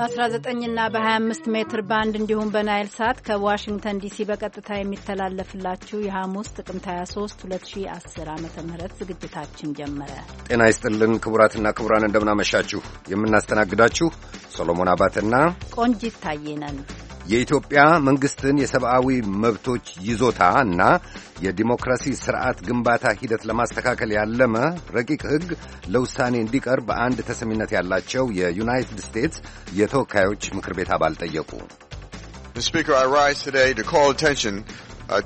በ19ና በ25 ሜትር ባንድ እንዲሁም በናይል ሳት ከዋሽንግተን ዲሲ በቀጥታ የሚተላለፍላችሁ የሐሙስ ጥቅምት 23 2010 ዓ ም ዝግጅታችን ጀመረ። ጤና ይስጥልን ክቡራትና ክቡራን እንደምናመሻችሁ። የምናስተናግዳችሁ ሶሎሞን አባትና ቆንጂት ታዬ ነን። የኢትዮጵያ መንግሥትን የሰብአዊ መብቶች ይዞታ እና የዲሞክራሲ ስርዓት ግንባታ ሂደት ለማስተካከል ያለመ ረቂቅ ሕግ ለውሳኔ እንዲቀርብ አንድ ተሰሚነት ያላቸው የዩናይትድ ስቴትስ የተወካዮች ምክር ቤት አባል ጠየቁ። Uh,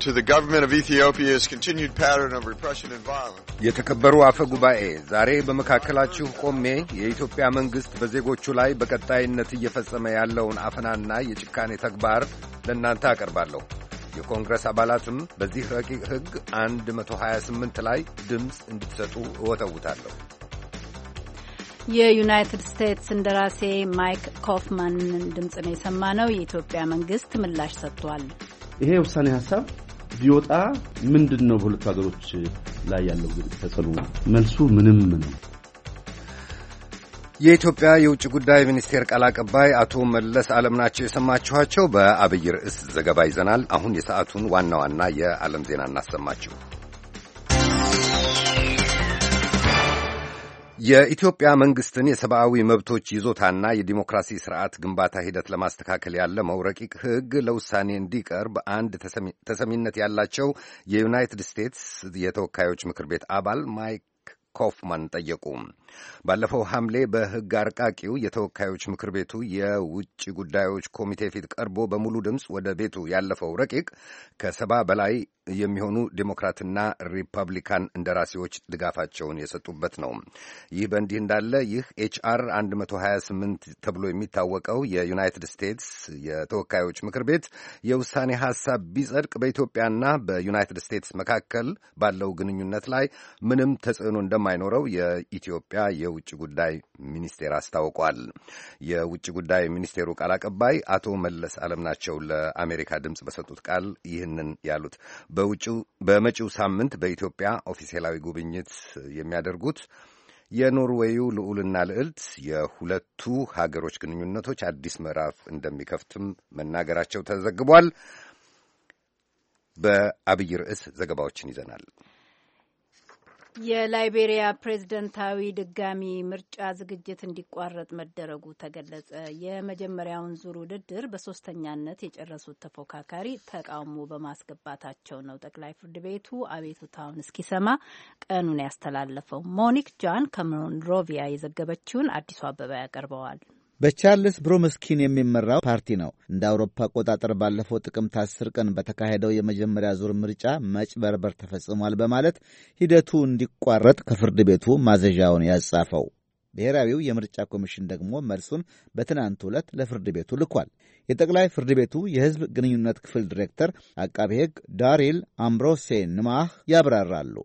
የተከበሩ አፈ ጉባኤ፣ ዛሬ በመካከላችሁ ቆሜ የኢትዮጵያ መንግሥት በዜጎቹ ላይ በቀጣይነት እየፈጸመ ያለውን አፈናና የጭካኔ ተግባር ለእናንተ አቀርባለሁ። የኮንግረስ አባላትም በዚህ ረቂቅ ሕግ 128 ላይ ድምፅ እንድትሰጡ እወተውታለሁ። የዩናይትድ ስቴትስ እንደራሴ ማይክ ኮፍማንን ድምፅ ነው ነው። የኢትዮጵያ መንግሥት ምላሽ ሰጥቷል። ይሄ ውሳኔ ሀሳብ ቢወጣ ምንድን ነው በሁለቱ ሀገሮች ላይ ያለው ተጽዕኖ? መልሱ ምንም ነው። የኢትዮጵያ የውጭ ጉዳይ ሚኒስቴር ቃል አቀባይ አቶ መለስ አለም ናቸው የሰማችኋቸው። በአብይ ርዕስ ዘገባ ይዘናል። አሁን የሰዓቱን ዋና ዋና የዓለም ዜና እናሰማችሁ። የኢትዮጵያ መንግስትን የሰብአዊ መብቶች ይዞታና የዲሞክራሲ ስርዓት ግንባታ ሂደት ለማስተካከል ያለ ረቂቅ ህግ ለውሳኔ እንዲቀርብ አንድ ተሰሚነት ያላቸው የዩናይትድ ስቴትስ የተወካዮች ምክር ቤት አባል ማይክ ኮፍማን ጠየቁ። ባለፈው ሐምሌ በሕግ አርቃቂው የተወካዮች ምክር ቤቱ የውጭ ጉዳዮች ኮሚቴ ፊት ቀርቦ በሙሉ ድምፅ ወደ ቤቱ ያለፈው ረቂቅ ከሰባ በላይ የሚሆኑ ዴሞክራትና ሪፐብሊካን እንደራሴዎች ድጋፋቸውን የሰጡበት ነው። ይህ በእንዲህ እንዳለ ይህ ኤችአር 128 ተብሎ የሚታወቀው የዩናይትድ ስቴትስ የተወካዮች ምክር ቤት የውሳኔ ሐሳብ ቢጸድቅ በኢትዮጵያና በዩናይትድ ስቴትስ መካከል ባለው ግንኙነት ላይ ምንም ተጽዕኖ እንደማይኖረው የኢትዮጵያ የውጭ ጉዳይ ሚኒስቴር አስታውቋል። የውጭ ጉዳይ ሚኒስቴሩ ቃል አቀባይ አቶ መለስ አለም ናቸው ለአሜሪካ ድምፅ በሰጡት ቃል ይህንን ያሉት በመጪው ሳምንት በኢትዮጵያ ኦፊሴላዊ ጉብኝት የሚያደርጉት የኖርዌዩ ልዑልና ልዕልት የሁለቱ ሀገሮች ግንኙነቶች አዲስ ምዕራፍ እንደሚከፍትም መናገራቸው ተዘግቧል። በአብይ ርዕስ ዘገባዎችን ይዘናል። የላይቤሪያ ፕሬዝደንታዊ ድጋሚ ምርጫ ዝግጅት እንዲቋረጥ መደረጉ ተገለጸ። የመጀመሪያውን ዙር ውድድር በሶስተኛነት የጨረሱት ተፎካካሪ ተቃውሞ በማስገባታቸው ነው። ጠቅላይ ፍርድ ቤቱ አቤቱታውን እስኪሰማ ቀኑን ያስተላለፈው። ሞኒክ ጃን ከሞንሮቪያ የዘገበችውን አዲሱ አበባ ያቀርበዋል። በቻርልስ ብሮምስኪን የሚመራው ፓርቲ ነው እንደ አውሮፓ አቆጣጠር ባለፈው ጥቅምት አስር ቀን በተካሄደው የመጀመሪያ ዙር ምርጫ መጭበርበር ተፈጽሟል በማለት ሂደቱ እንዲቋረጥ ከፍርድ ቤቱ ማዘዣውን ያጻፈው። ብሔራዊው የምርጫ ኮሚሽን ደግሞ መልሱን በትናንት ዕለት ለፍርድ ቤቱ ልኳል። የጠቅላይ ፍርድ ቤቱ የሕዝብ ግንኙነት ክፍል ዲሬክተር አቃቤ ሕግ ዳሪል አምብሮሴ ንማህ ያብራራሉ።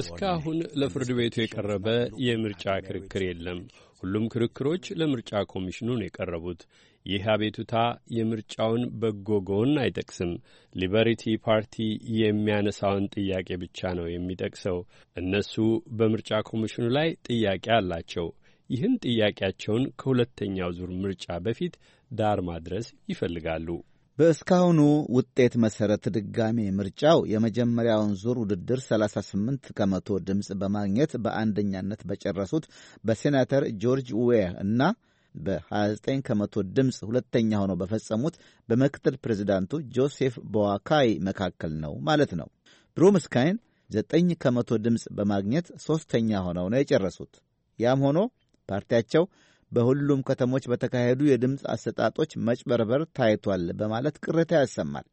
እስካሁን ለፍርድ ቤቱ የቀረበ የምርጫ ክርክር የለም። ሁሉም ክርክሮች ለምርጫ ኮሚሽኑ ነው የቀረቡት። ይህ አቤቱታ የምርጫውን በጎ ጎን አይጠቅስም። ሊበሪቲ ፓርቲ የሚያነሳውን ጥያቄ ብቻ ነው የሚጠቅሰው። እነሱ በምርጫ ኮሚሽኑ ላይ ጥያቄ አላቸው። ይህን ጥያቄያቸውን ከሁለተኛው ዙር ምርጫ በፊት ዳር ማድረስ ይፈልጋሉ። በእስካሁኑ ውጤት መሠረት ድጋሜ ምርጫው የመጀመሪያውን ዙር ውድድር 38 ከመቶ ድምፅ በማግኘት በአንደኛነት በጨረሱት በሴናተር ጆርጅ ዌር እና በ29 ከመቶ ድምፅ ሁለተኛ ሆነው በፈጸሙት በምክትል ፕሬዚዳንቱ ጆሴፍ ቦዋካይ መካከል ነው ማለት ነው። ብሩምስካይን 9 ከመቶ ድምፅ በማግኘት ሦስተኛ ሆነው ነው የጨረሱት። ያም ሆኖ ፓርቲያቸው በሁሉም ከተሞች በተካሄዱ የድምፅ አሰጣጦች መጭበርበር ታይቷል በማለት ቅሬታ ያሰማል።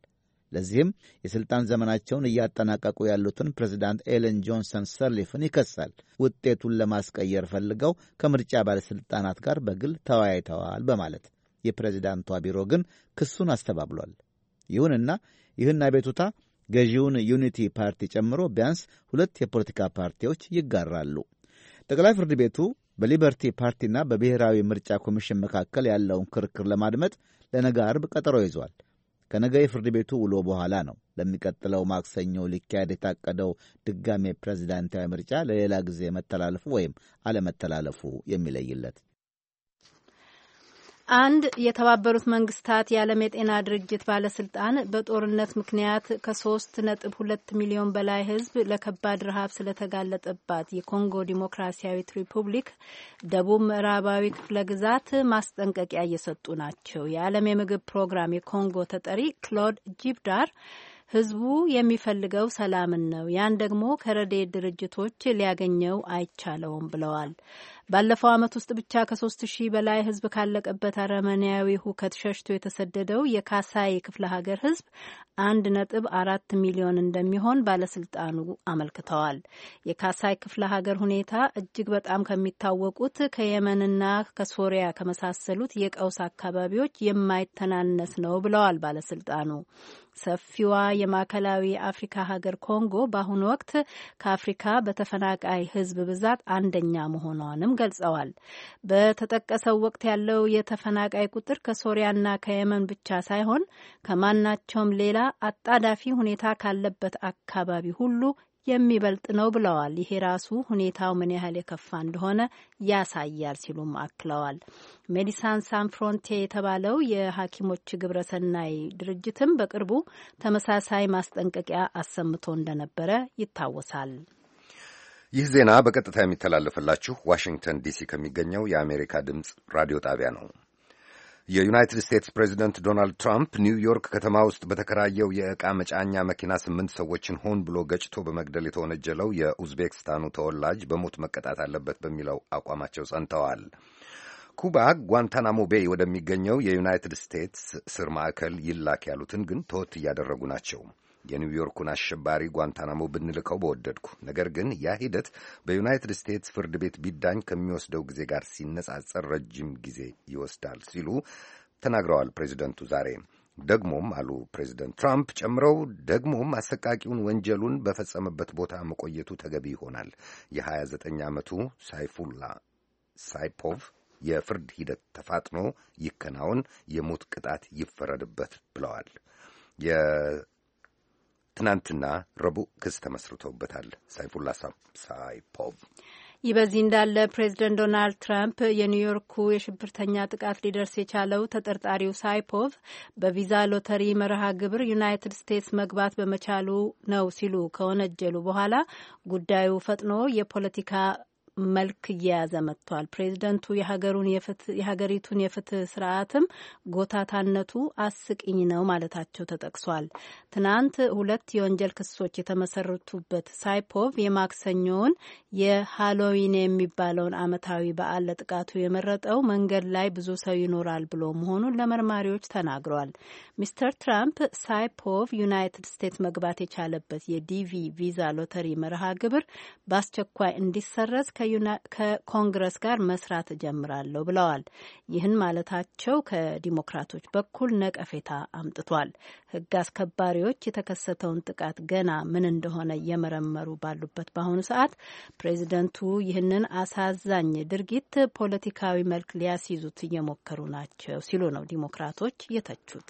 ለዚህም የሥልጣን ዘመናቸውን እያጠናቀቁ ያሉትን ፕሬዚዳንት ኤለን ጆንሰን ሰርሊፍን ይከሳል። ውጤቱን ለማስቀየር ፈልገው ከምርጫ ባለሥልጣናት ጋር በግል ተወያይተዋል በማለት የፕሬዚዳንቷ ቢሮ ግን ክሱን አስተባብሏል። ይሁንና ይህን አቤቱታ ገዢውን ዩኒቲ ፓርቲ ጨምሮ ቢያንስ ሁለት የፖለቲካ ፓርቲዎች ይጋራሉ። ጠቅላይ ፍርድ ቤቱ በሊበርቲ ፓርቲና በብሔራዊ ምርጫ ኮሚሽን መካከል ያለውን ክርክር ለማድመጥ ለነገ አርብ ቀጠሮ ይዟል። ከነገ የፍርድ ቤቱ ውሎ በኋላ ነው ለሚቀጥለው ማክሰኞ ሊካሄድ የታቀደው ድጋሜ ፕሬዚዳንታዊ ምርጫ ለሌላ ጊዜ መተላለፉ ወይም አለመተላለፉ የሚለይለት። አንድ የተባበሩት መንግስታት የዓለም የጤና ድርጅት ባለስልጣን በጦርነት ምክንያት ከሶስት ነጥብ ሁለት ሚሊዮን በላይ ሕዝብ ለከባድ ረሃብ ስለተጋለጠባት የኮንጎ ዲሞክራሲያዊት ሪፑብሊክ ደቡብ ምዕራባዊ ክፍለ ግዛት ማስጠንቀቂያ እየሰጡ ናቸው። የዓለም የምግብ ፕሮግራም የኮንጎ ተጠሪ ክሎድ ጂብዳር ህዝቡ የሚፈልገው ሰላምን ነው። ያን ደግሞ ከረዴ ድርጅቶች ሊያገኘው አይቻለውም ብለዋል። ባለፈው ዓመት ውስጥ ብቻ ከሶስት ሺህ በላይ ህዝብ ካለቀበት አረመኔያዊ ሁከት ሸሽቶ የተሰደደው የካሳይ ክፍለ ሀገር ህዝብ አንድ ነጥብ አራት ሚሊዮን እንደሚሆን ባለስልጣኑ አመልክተዋል። የካሳይ ክፍለ ሀገር ሁኔታ እጅግ በጣም ከሚታወቁት ከየመንና ከሶሪያ ከመሳሰሉት የቀውስ አካባቢዎች የማይተናነስ ነው ብለዋል ባለስልጣኑ። ሰፊዋ የማዕከላዊ አፍሪካ ሀገር ኮንጎ በአሁኑ ወቅት ከአፍሪካ በተፈናቃይ ሕዝብ ብዛት አንደኛ መሆኗንም ገልጸዋል። በተጠቀሰው ወቅት ያለው የተፈናቃይ ቁጥር ከሶሪያና ከየመን ብቻ ሳይሆን ከማናቸውም ሌላ አጣዳፊ ሁኔታ ካለበት አካባቢ ሁሉ የሚበልጥ ነው ብለዋል። ይሄ ራሱ ሁኔታው ምን ያህል የከፋ እንደሆነ ያሳያል ሲሉም አክለዋል። ሜዲሳን ሳን ፍሮንቴ የተባለው የሐኪሞች ግብረሰናይ ድርጅትም በቅርቡ ተመሳሳይ ማስጠንቀቂያ አሰምቶ እንደነበረ ይታወሳል። ይህ ዜና በቀጥታ የሚተላለፍላችሁ ዋሽንግተን ዲሲ ከሚገኘው የአሜሪካ ድምፅ ራዲዮ ጣቢያ ነው። የዩናይትድ ስቴትስ ፕሬዚደንት ዶናልድ ትራምፕ ኒውዮርክ ከተማ ውስጥ በተከራየው የዕቃ መጫኛ መኪና ስምንት ሰዎችን ሆን ብሎ ገጭቶ በመግደል የተወነጀለው የኡዝቤክስታኑ ተወላጅ በሞት መቀጣት አለበት በሚለው አቋማቸው ጸንተዋል። ኩባ ጓንታናሞ ቤይ ወደሚገኘው የዩናይትድ ስቴትስ ስር ማዕከል ይላክ ያሉትን ግን ተወት እያደረጉ ናቸው። የኒውዮርኩን አሸባሪ ጓንታናሞ ብንልከው በወደድኩ። ነገር ግን ያ ሂደት በዩናይትድ ስቴትስ ፍርድ ቤት ቢዳኝ ከሚወስደው ጊዜ ጋር ሲነጻጸር ረጅም ጊዜ ይወስዳል ሲሉ ተናግረዋል ፕሬዚደንቱ ዛሬ። ደግሞም አሉ ፕሬዚደንት ትራምፕ ጨምረው ደግሞም አሰቃቂውን ወንጀሉን በፈጸመበት ቦታ መቆየቱ ተገቢ ይሆናል። የ29 ዓመቱ ሳይፉላ ሳይፖቭ የፍርድ ሂደት ተፋጥኖ ይከናወን፣ የሞት ቅጣት ይፈረድበት ብለዋል። ትናንትና ረቡዕ ክስ ተመስርቶበታል። ሳይፉላ ሳይፖቭ። ይህ በዚህ እንዳለ ፕሬዚደንት ዶናልድ ትራምፕ የኒውዮርኩ የሽብርተኛ ጥቃት ሊደርስ የቻለው ተጠርጣሪው ሳይፖቭ በቪዛ ሎተሪ መርሃ ግብር ዩናይትድ ስቴትስ መግባት በመቻሉ ነው ሲሉ ከወነጀሉ በኋላ ጉዳዩ ፈጥኖ የፖለቲካ መልክ እየያዘ መጥቷል። ፕሬዚደንቱ የሀገሩን የሀገሪቱን የፍትህ ስርዓትም ጎታታነቱ አስቂኝ ነው ማለታቸው ተጠቅሷል። ትናንት ሁለት የወንጀል ክሶች የተመሰረቱበት ሳይፖቭ የማክሰኞውን የሃሎዊን የሚባለውን ዓመታዊ በዓል ለጥቃቱ የመረጠው መንገድ ላይ ብዙ ሰው ይኖራል ብሎ መሆኑን ለመርማሪዎች ተናግሯል። ሚስተር ትራምፕ ሳይፖቭ ዩናይትድ ስቴትስ መግባት የቻለበት የዲቪ ቪዛ ሎተሪ መርሃ ግብር በአስቸኳይ እንዲሰረዝ ከኮንግረስ ጋር መስራት እጀምራለሁ ብለዋል። ይህን ማለታቸው ከዲሞክራቶች በኩል ነቀፌታ አምጥቷል። ሕግ አስከባሪዎች የተከሰተውን ጥቃት ገና ምን እንደሆነ እየመረመሩ ባሉበት በአሁኑ ሰዓት ፕሬዚደንቱ ይህንን አሳዛኝ ድርጊት ፖለቲካዊ መልክ ሊያስይዙት እየሞከሩ ናቸው ሲሉ ነው ዲሞክራቶች የተቹት።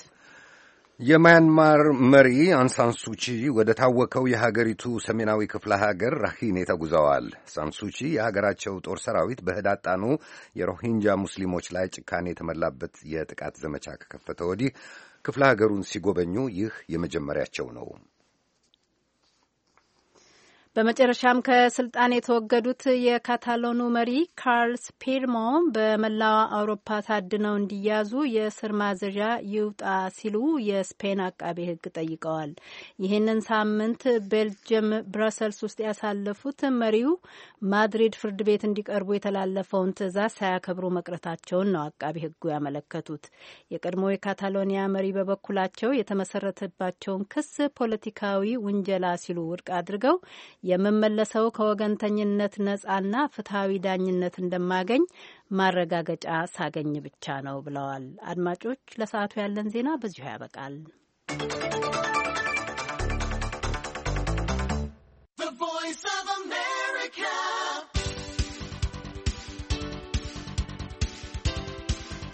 የማያንማር መሪ አንሳንሱቺ ወደ ታወከው የሀገሪቱ ሰሜናዊ ክፍለ ሀገር ራሂኔ ተጉዘዋል። ሳንሱቺ የሀገራቸው ጦር ሰራዊት በህዳጣኑ የሮሂንጃ ሙስሊሞች ላይ ጭካኔ የተመላበት የጥቃት ዘመቻ ከከፈተ ወዲህ ክፍለ ሀገሩን ሲጎበኙ ይህ የመጀመሪያቸው ነው። በመጨረሻም ከስልጣን የተወገዱት የካታሎኑ መሪ ካርልስ ፔርሞ በመላው አውሮፓ ታድነው እንዲያዙ የእስር ማዘዣ ይውጣ ሲሉ የስፔን አቃቤ ሕግ ጠይቀዋል። ይህንን ሳምንት ቤልጅየም ብረሰልስ ውስጥ ያሳለፉት መሪው ማድሪድ ፍርድ ቤት እንዲቀርቡ የተላለፈውን ትዕዛዝ ሳያከብሩ መቅረታቸውን ነው አቃቤ ሕጉ ያመለከቱት። የቀድሞ የካታሎኒያ መሪ በበኩላቸው የተመሰረተባቸውን ክስ ፖለቲካዊ ውንጀላ ሲሉ ውድቅ አድርገው የምመለሰው ከወገንተኝነት ነጻና ፍትሐዊ ዳኝነት እንደማገኝ ማረጋገጫ ሳገኝ ብቻ ነው ብለዋል። አድማጮች፣ ለሰዓቱ ያለን ዜና በዚሁ ያበቃል።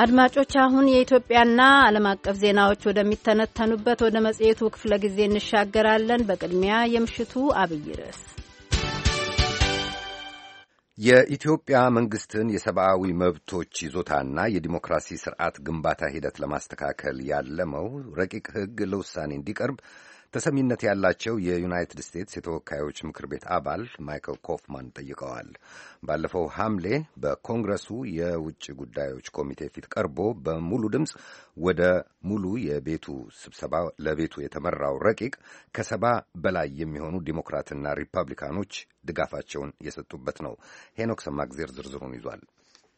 አድማጮች አሁን የኢትዮጵያና ዓለም አቀፍ ዜናዎች ወደሚተነተኑበት ወደ መጽሔቱ ክፍለ ጊዜ እንሻገራለን። በቅድሚያ የምሽቱ አብይ ርዕስ የኢትዮጵያ መንግስትን የሰብአዊ መብቶች ይዞታና የዲሞክራሲ ስርዓት ግንባታ ሂደት ለማስተካከል ያለመው ረቂቅ ሕግ ለውሳኔ እንዲቀርብ ተሰሚነት ያላቸው የዩናይትድ ስቴትስ የተወካዮች ምክር ቤት አባል ማይክል ኮፍማን ጠይቀዋል። ባለፈው ሐምሌ በኮንግረሱ የውጭ ጉዳዮች ኮሚቴ ፊት ቀርቦ በሙሉ ድምፅ ወደ ሙሉ የቤቱ ስብሰባ ለቤቱ የተመራው ረቂቅ ከሰባ በላይ የሚሆኑ ዲሞክራትና ሪፐብሊካኖች ድጋፋቸውን የሰጡበት ነው። ሄኖክ ሰማግዜር ዝርዝሩን ይዟል።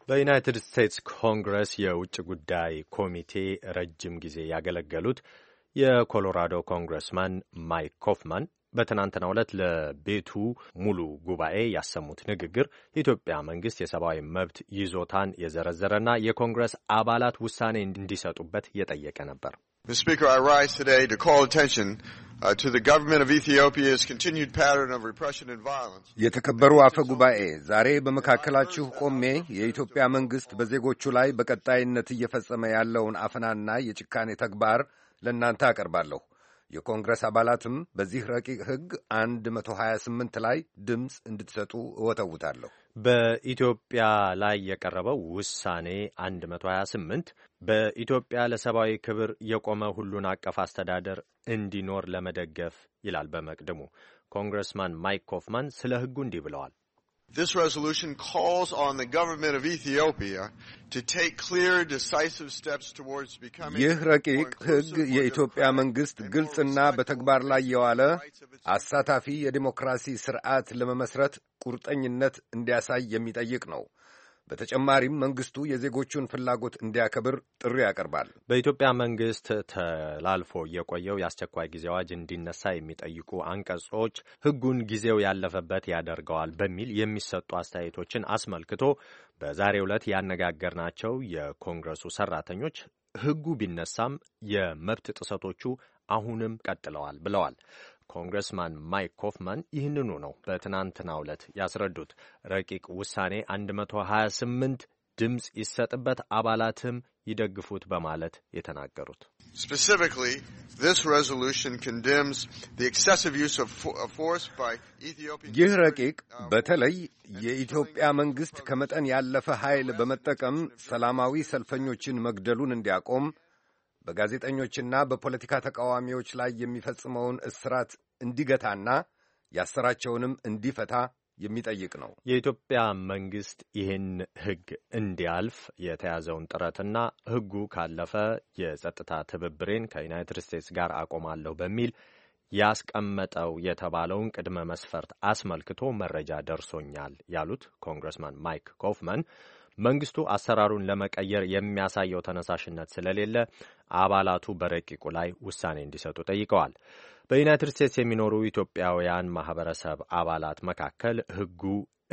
በዩናይትድ ስቴትስ ኮንግረስ የውጭ ጉዳይ ኮሚቴ ረጅም ጊዜ ያገለገሉት የኮሎራዶ ኮንግረስማን ማይክ ኮፍማን በትናንትና ዕለት ለቤቱ ሙሉ ጉባኤ ያሰሙት ንግግር የኢትዮጵያ መንግስት የሰብአዊ መብት ይዞታን የዘረዘረና የኮንግረስ አባላት ውሳኔ እንዲሰጡበት የጠየቀ ነበር። uh, የተከበሩ አፈ ጉባኤ፣ ዛሬ በመካከላችሁ ቆሜ የኢትዮጵያ መንግስት በዜጎቹ ላይ በቀጣይነት እየፈጸመ ያለውን አፈናና የጭካኔ ተግባር ለእናንተ አቀርባለሁ። የኮንግረስ አባላትም በዚህ ረቂቅ ሕግ 128 ላይ ድምፅ እንድትሰጡ እወተውታለሁ። በኢትዮጵያ ላይ የቀረበው ውሳኔ 128 በኢትዮጵያ ለሰብአዊ ክብር የቆመ ሁሉን አቀፍ አስተዳደር እንዲኖር ለመደገፍ ይላል። በመቅድሙ ኮንግረስማን ማይክ ኮፍማን ስለ ሕጉ እንዲህ ብለዋል። This resolution calls on the government of Ethiopia to take clear, decisive steps towards becoming ይህ ረቂቅ ሕግ የኢትዮጵያ መንግሥት ግልጽና በተግባር ላይ የዋለ አሳታፊ የዲሞክራሲ ስርዓት ለመመስረት ቁርጠኝነት እንዲያሳይ የሚጠይቅ ነው። በተጨማሪም መንግስቱ የዜጎቹን ፍላጎት እንዲያከብር ጥሪ ያቀርባል። በኢትዮጵያ መንግስት ተላልፎ የቆየው የአስቸኳይ ጊዜ አዋጅ እንዲነሳ የሚጠይቁ አንቀጾች ህጉን ጊዜው ያለፈበት ያደርገዋል በሚል የሚሰጡ አስተያየቶችን አስመልክቶ በዛሬው ዕለት ያነጋገርናቸው የኮንግረሱ ሰራተኞች ህጉ ቢነሳም የመብት ጥሰቶቹ አሁንም ቀጥለዋል ብለዋል። ኮንግረስማን ማይክ ኮፍማን ይህንኑ ነው በትናንትናው ዕለት ያስረዱት። ረቂቅ ውሳኔ 128 ድምፅ ይሰጥበት፣ አባላትም ይደግፉት በማለት የተናገሩት ይህ ረቂቅ uh, uh, በተለይ uh, የኢትዮጵያ መንግሥት ከመጠን ያለፈ ኃይል በመጠቀም ሰላማዊ ሰልፈኞችን መግደሉን እንዲያቆም በጋዜጠኞችና በፖለቲካ ተቃዋሚዎች ላይ የሚፈጽመውን እስራት እንዲገታና ያሰራቸውንም እንዲፈታ የሚጠይቅ ነው። የኢትዮጵያ መንግስት ይህን ህግ እንዲያልፍ የተያዘውን ጥረትና ህጉ ካለፈ የጸጥታ ትብብሬን ከዩናይትድ ስቴትስ ጋር አቆማለሁ በሚል ያስቀመጠው የተባለውን ቅድመ መስፈርት አስመልክቶ መረጃ ደርሶኛል ያሉት ኮንግረስማን ማይክ ኮፍመን መንግስቱ አሰራሩን ለመቀየር የሚያሳየው ተነሳሽነት ስለሌለ አባላቱ በረቂቁ ላይ ውሳኔ እንዲሰጡ ጠይቀዋል። በዩናይትድ ስቴትስ የሚኖሩ ኢትዮጵያውያን ማህበረሰብ አባላት መካከል ህጉ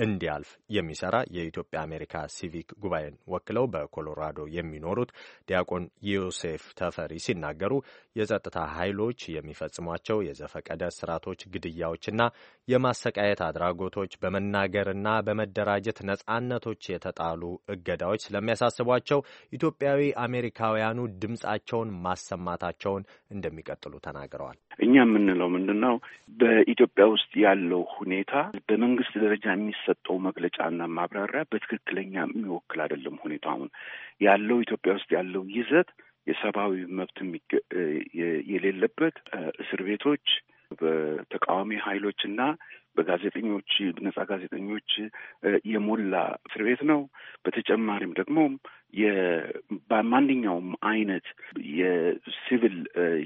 እንዲያልፍ የሚሰራ የኢትዮጵያ አሜሪካ ሲቪክ ጉባኤን ወክለው በኮሎራዶ የሚኖሩት ዲያቆን ዮሴፍ ተፈሪ ሲናገሩ የጸጥታ ኃይሎች የሚፈጽሟቸው የዘፈቀደ ስርዓቶች፣ ግድያዎችና የማሰቃየት አድራጎቶች በመናገርና በመደራጀት ነጻነቶች የተጣሉ እገዳዎች ስለሚያሳስቧቸው ኢትዮጵያዊ አሜሪካውያኑ ድምጻቸውን ማሰማታቸውን እንደሚቀጥሉ ተናግረዋል። እኛ የምንለው ምንድን ነው? በኢትዮጵያ ውስጥ ያለው ሁኔታ በመንግስት ደረጃ የሚሰ የሰጠው መግለጫና ማብራሪያ በትክክለኛ የሚወክል አይደለም ሁኔታውን ያለው ኢትዮጵያ ውስጥ ያለው ይዘት የሰብአዊ መብት የሌለበት እስር ቤቶች በተቃዋሚ ኃይሎች እና በጋዜጠኞች ነጻ ጋዜጠኞች የሞላ እስር ቤት ነው። በተጨማሪም ደግሞ በማንኛውም አይነት የሲቪል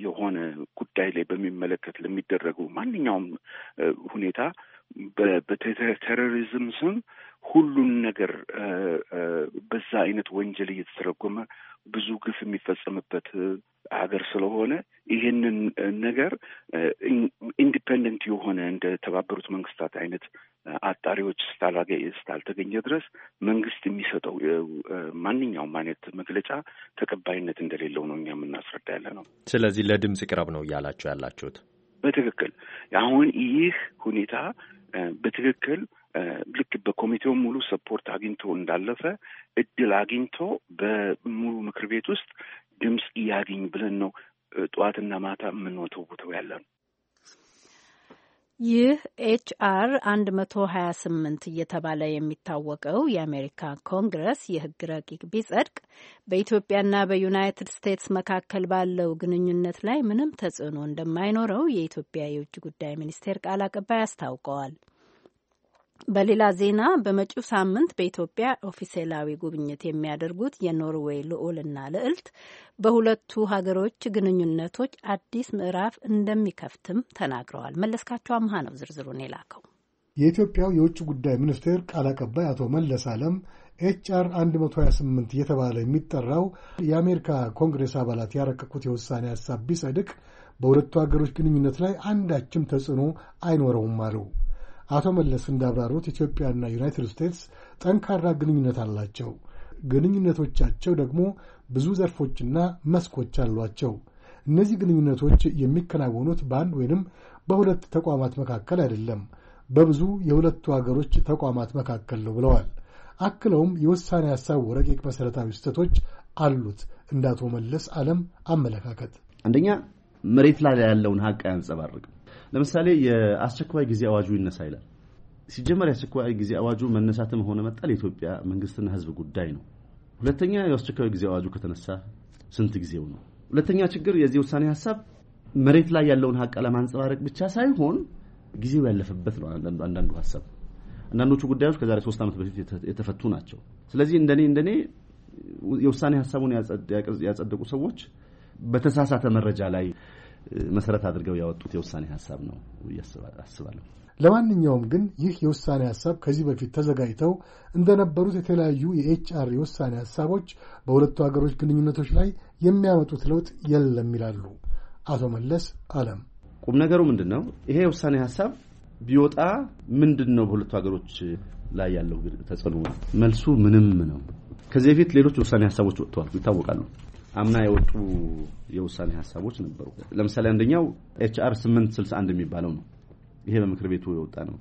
የሆነ ጉዳይ ላይ በሚመለከት ለሚደረጉ ማንኛውም ሁኔታ በቴሮሪዝም ስም ሁሉን ነገር በዛ አይነት ወንጀል እየተተረጎመ ብዙ ግፍ የሚፈጸምበት ሀገር ስለሆነ ይህንን ነገር ኢንዲፔንደንት የሆነ እንደ ተባበሩት መንግስታት አይነት አጣሪዎች ስታልተገኘ ድረስ መንግስት የሚሰጠው ማንኛውም አይነት መግለጫ ተቀባይነት እንደሌለው ነው እኛ የምናስረዳ ያለ ነው። ስለዚህ ለድምፅ ቅረብ ነው እያላቸው ያላችሁት በትክክል አሁን ይህ ሁኔታ በትክክል ልክ በኮሚቴው ሙሉ ሰፖርት አግኝቶ እንዳለፈ እድል አግኝቶ በሙሉ ምክር ቤት ውስጥ ድምፅ እያገኝ ብለን ነው ጠዋትና ማታ የምንወተውተው ያለ ነው። ይህ ኤችአር 128 እየተባለ የሚታወቀው የአሜሪካ ኮንግረስ የህግ ረቂቅ ቢጸድቅ በኢትዮጵያና በዩናይትድ ስቴትስ መካከል ባለው ግንኙነት ላይ ምንም ተጽዕኖ እንደማይኖረው የኢትዮጵያ የውጭ ጉዳይ ሚኒስቴር ቃል አቀባይ አስታውቀዋል። በሌላ ዜና በመጪው ሳምንት በኢትዮጵያ ኦፊሴላዊ ጉብኝት የሚያደርጉት የኖርዌይ ልዑልና ልዕልት በሁለቱ ሀገሮች ግንኙነቶች አዲስ ምዕራፍ እንደሚከፍትም ተናግረዋል። መለስካቸው አምሃ ነው ዝርዝሩን የላከው። የኢትዮጵያው የውጭ ጉዳይ ሚኒስቴር ቃል አቀባይ አቶ መለስ አለም ኤችአር 128 እየተባለ የሚጠራው የአሜሪካ ኮንግሬስ አባላት ያረቀቁት የውሳኔ ሀሳብ ቢጸድቅ በሁለቱ ሀገሮች ግንኙነት ላይ አንዳችም ተጽዕኖ አይኖረውም አሉ። አቶ መለስ እንዳብራሩት ኢትዮጵያና ዩናይትድ ስቴትስ ጠንካራ ግንኙነት አላቸው። ግንኙነቶቻቸው ደግሞ ብዙ ዘርፎችና መስኮች አሏቸው። እነዚህ ግንኙነቶች የሚከናወኑት በአንድ ወይንም በሁለት ተቋማት መካከል አይደለም፣ በብዙ የሁለቱ አገሮች ተቋማት መካከል ነው ብለዋል። አክለውም የውሳኔ ሀሳብ ረቂቅ መሠረታዊ ስህተቶች አሉት እንደ አቶ መለስ ዓለም አመለካከት አንደኛ መሬት ላይ ያለውን ሀቅ አያንጸባርቅም። ለምሳሌ የአስቸኳይ ጊዜ አዋጁ ይነሳ ይላል። ሲጀመር የአስቸኳይ ጊዜ አዋጁ መነሳትም ሆነ መጣል የኢትዮጵያ መንግስትና ህዝብ ጉዳይ ነው። ሁለተኛ የአስቸኳይ ጊዜ አዋጁ ከተነሳ ስንት ጊዜው ነው? ሁለተኛ ችግር የዚህ ውሳኔ ሀሳብ መሬት ላይ ያለውን ሀቅ ለማንጸባረቅ ብቻ ሳይሆን ጊዜው ያለፈበት ነው። አንዳንዱ ሀሳብ አንዳንዶቹ ጉዳዮች ከዛሬ ሶስት ዓመት በፊት የተፈቱ ናቸው። ስለዚህ እንደኔ እንደኔ የውሳኔ ሀሳቡን ያጸደቁ ሰዎች በተሳሳተ መረጃ ላይ መሰረት አድርገው ያወጡት የውሳኔ ሀሳብ ነው አስባለሁ። ለማንኛውም ግን ይህ የውሳኔ ሀሳብ ከዚህ በፊት ተዘጋጅተው እንደነበሩት የተለያዩ የኤችአር የውሳኔ ሀሳቦች በሁለቱ ሀገሮች ግንኙነቶች ላይ የሚያመጡት ለውጥ የለም ይላሉ አቶ መለስ አለም። ቁም ነገሩ ምንድን ነው? ይሄ የውሳኔ ሀሳብ ቢወጣ ምንድን ነው በሁለቱ ሀገሮች ላይ ያለው ተጽዕኖ? መልሱ ምንም ነው። ከዚህ በፊት ሌሎች ውሳኔ ሀሳቦች ወጥተዋል፣ ይታወቃሉ። አምና የወጡ የውሳኔ ሀሳቦች ነበሩ። ለምሳሌ አንደኛው ኤችአር 861 የሚባለው ነው። ይሄ በምክር ቤቱ የወጣ ነው።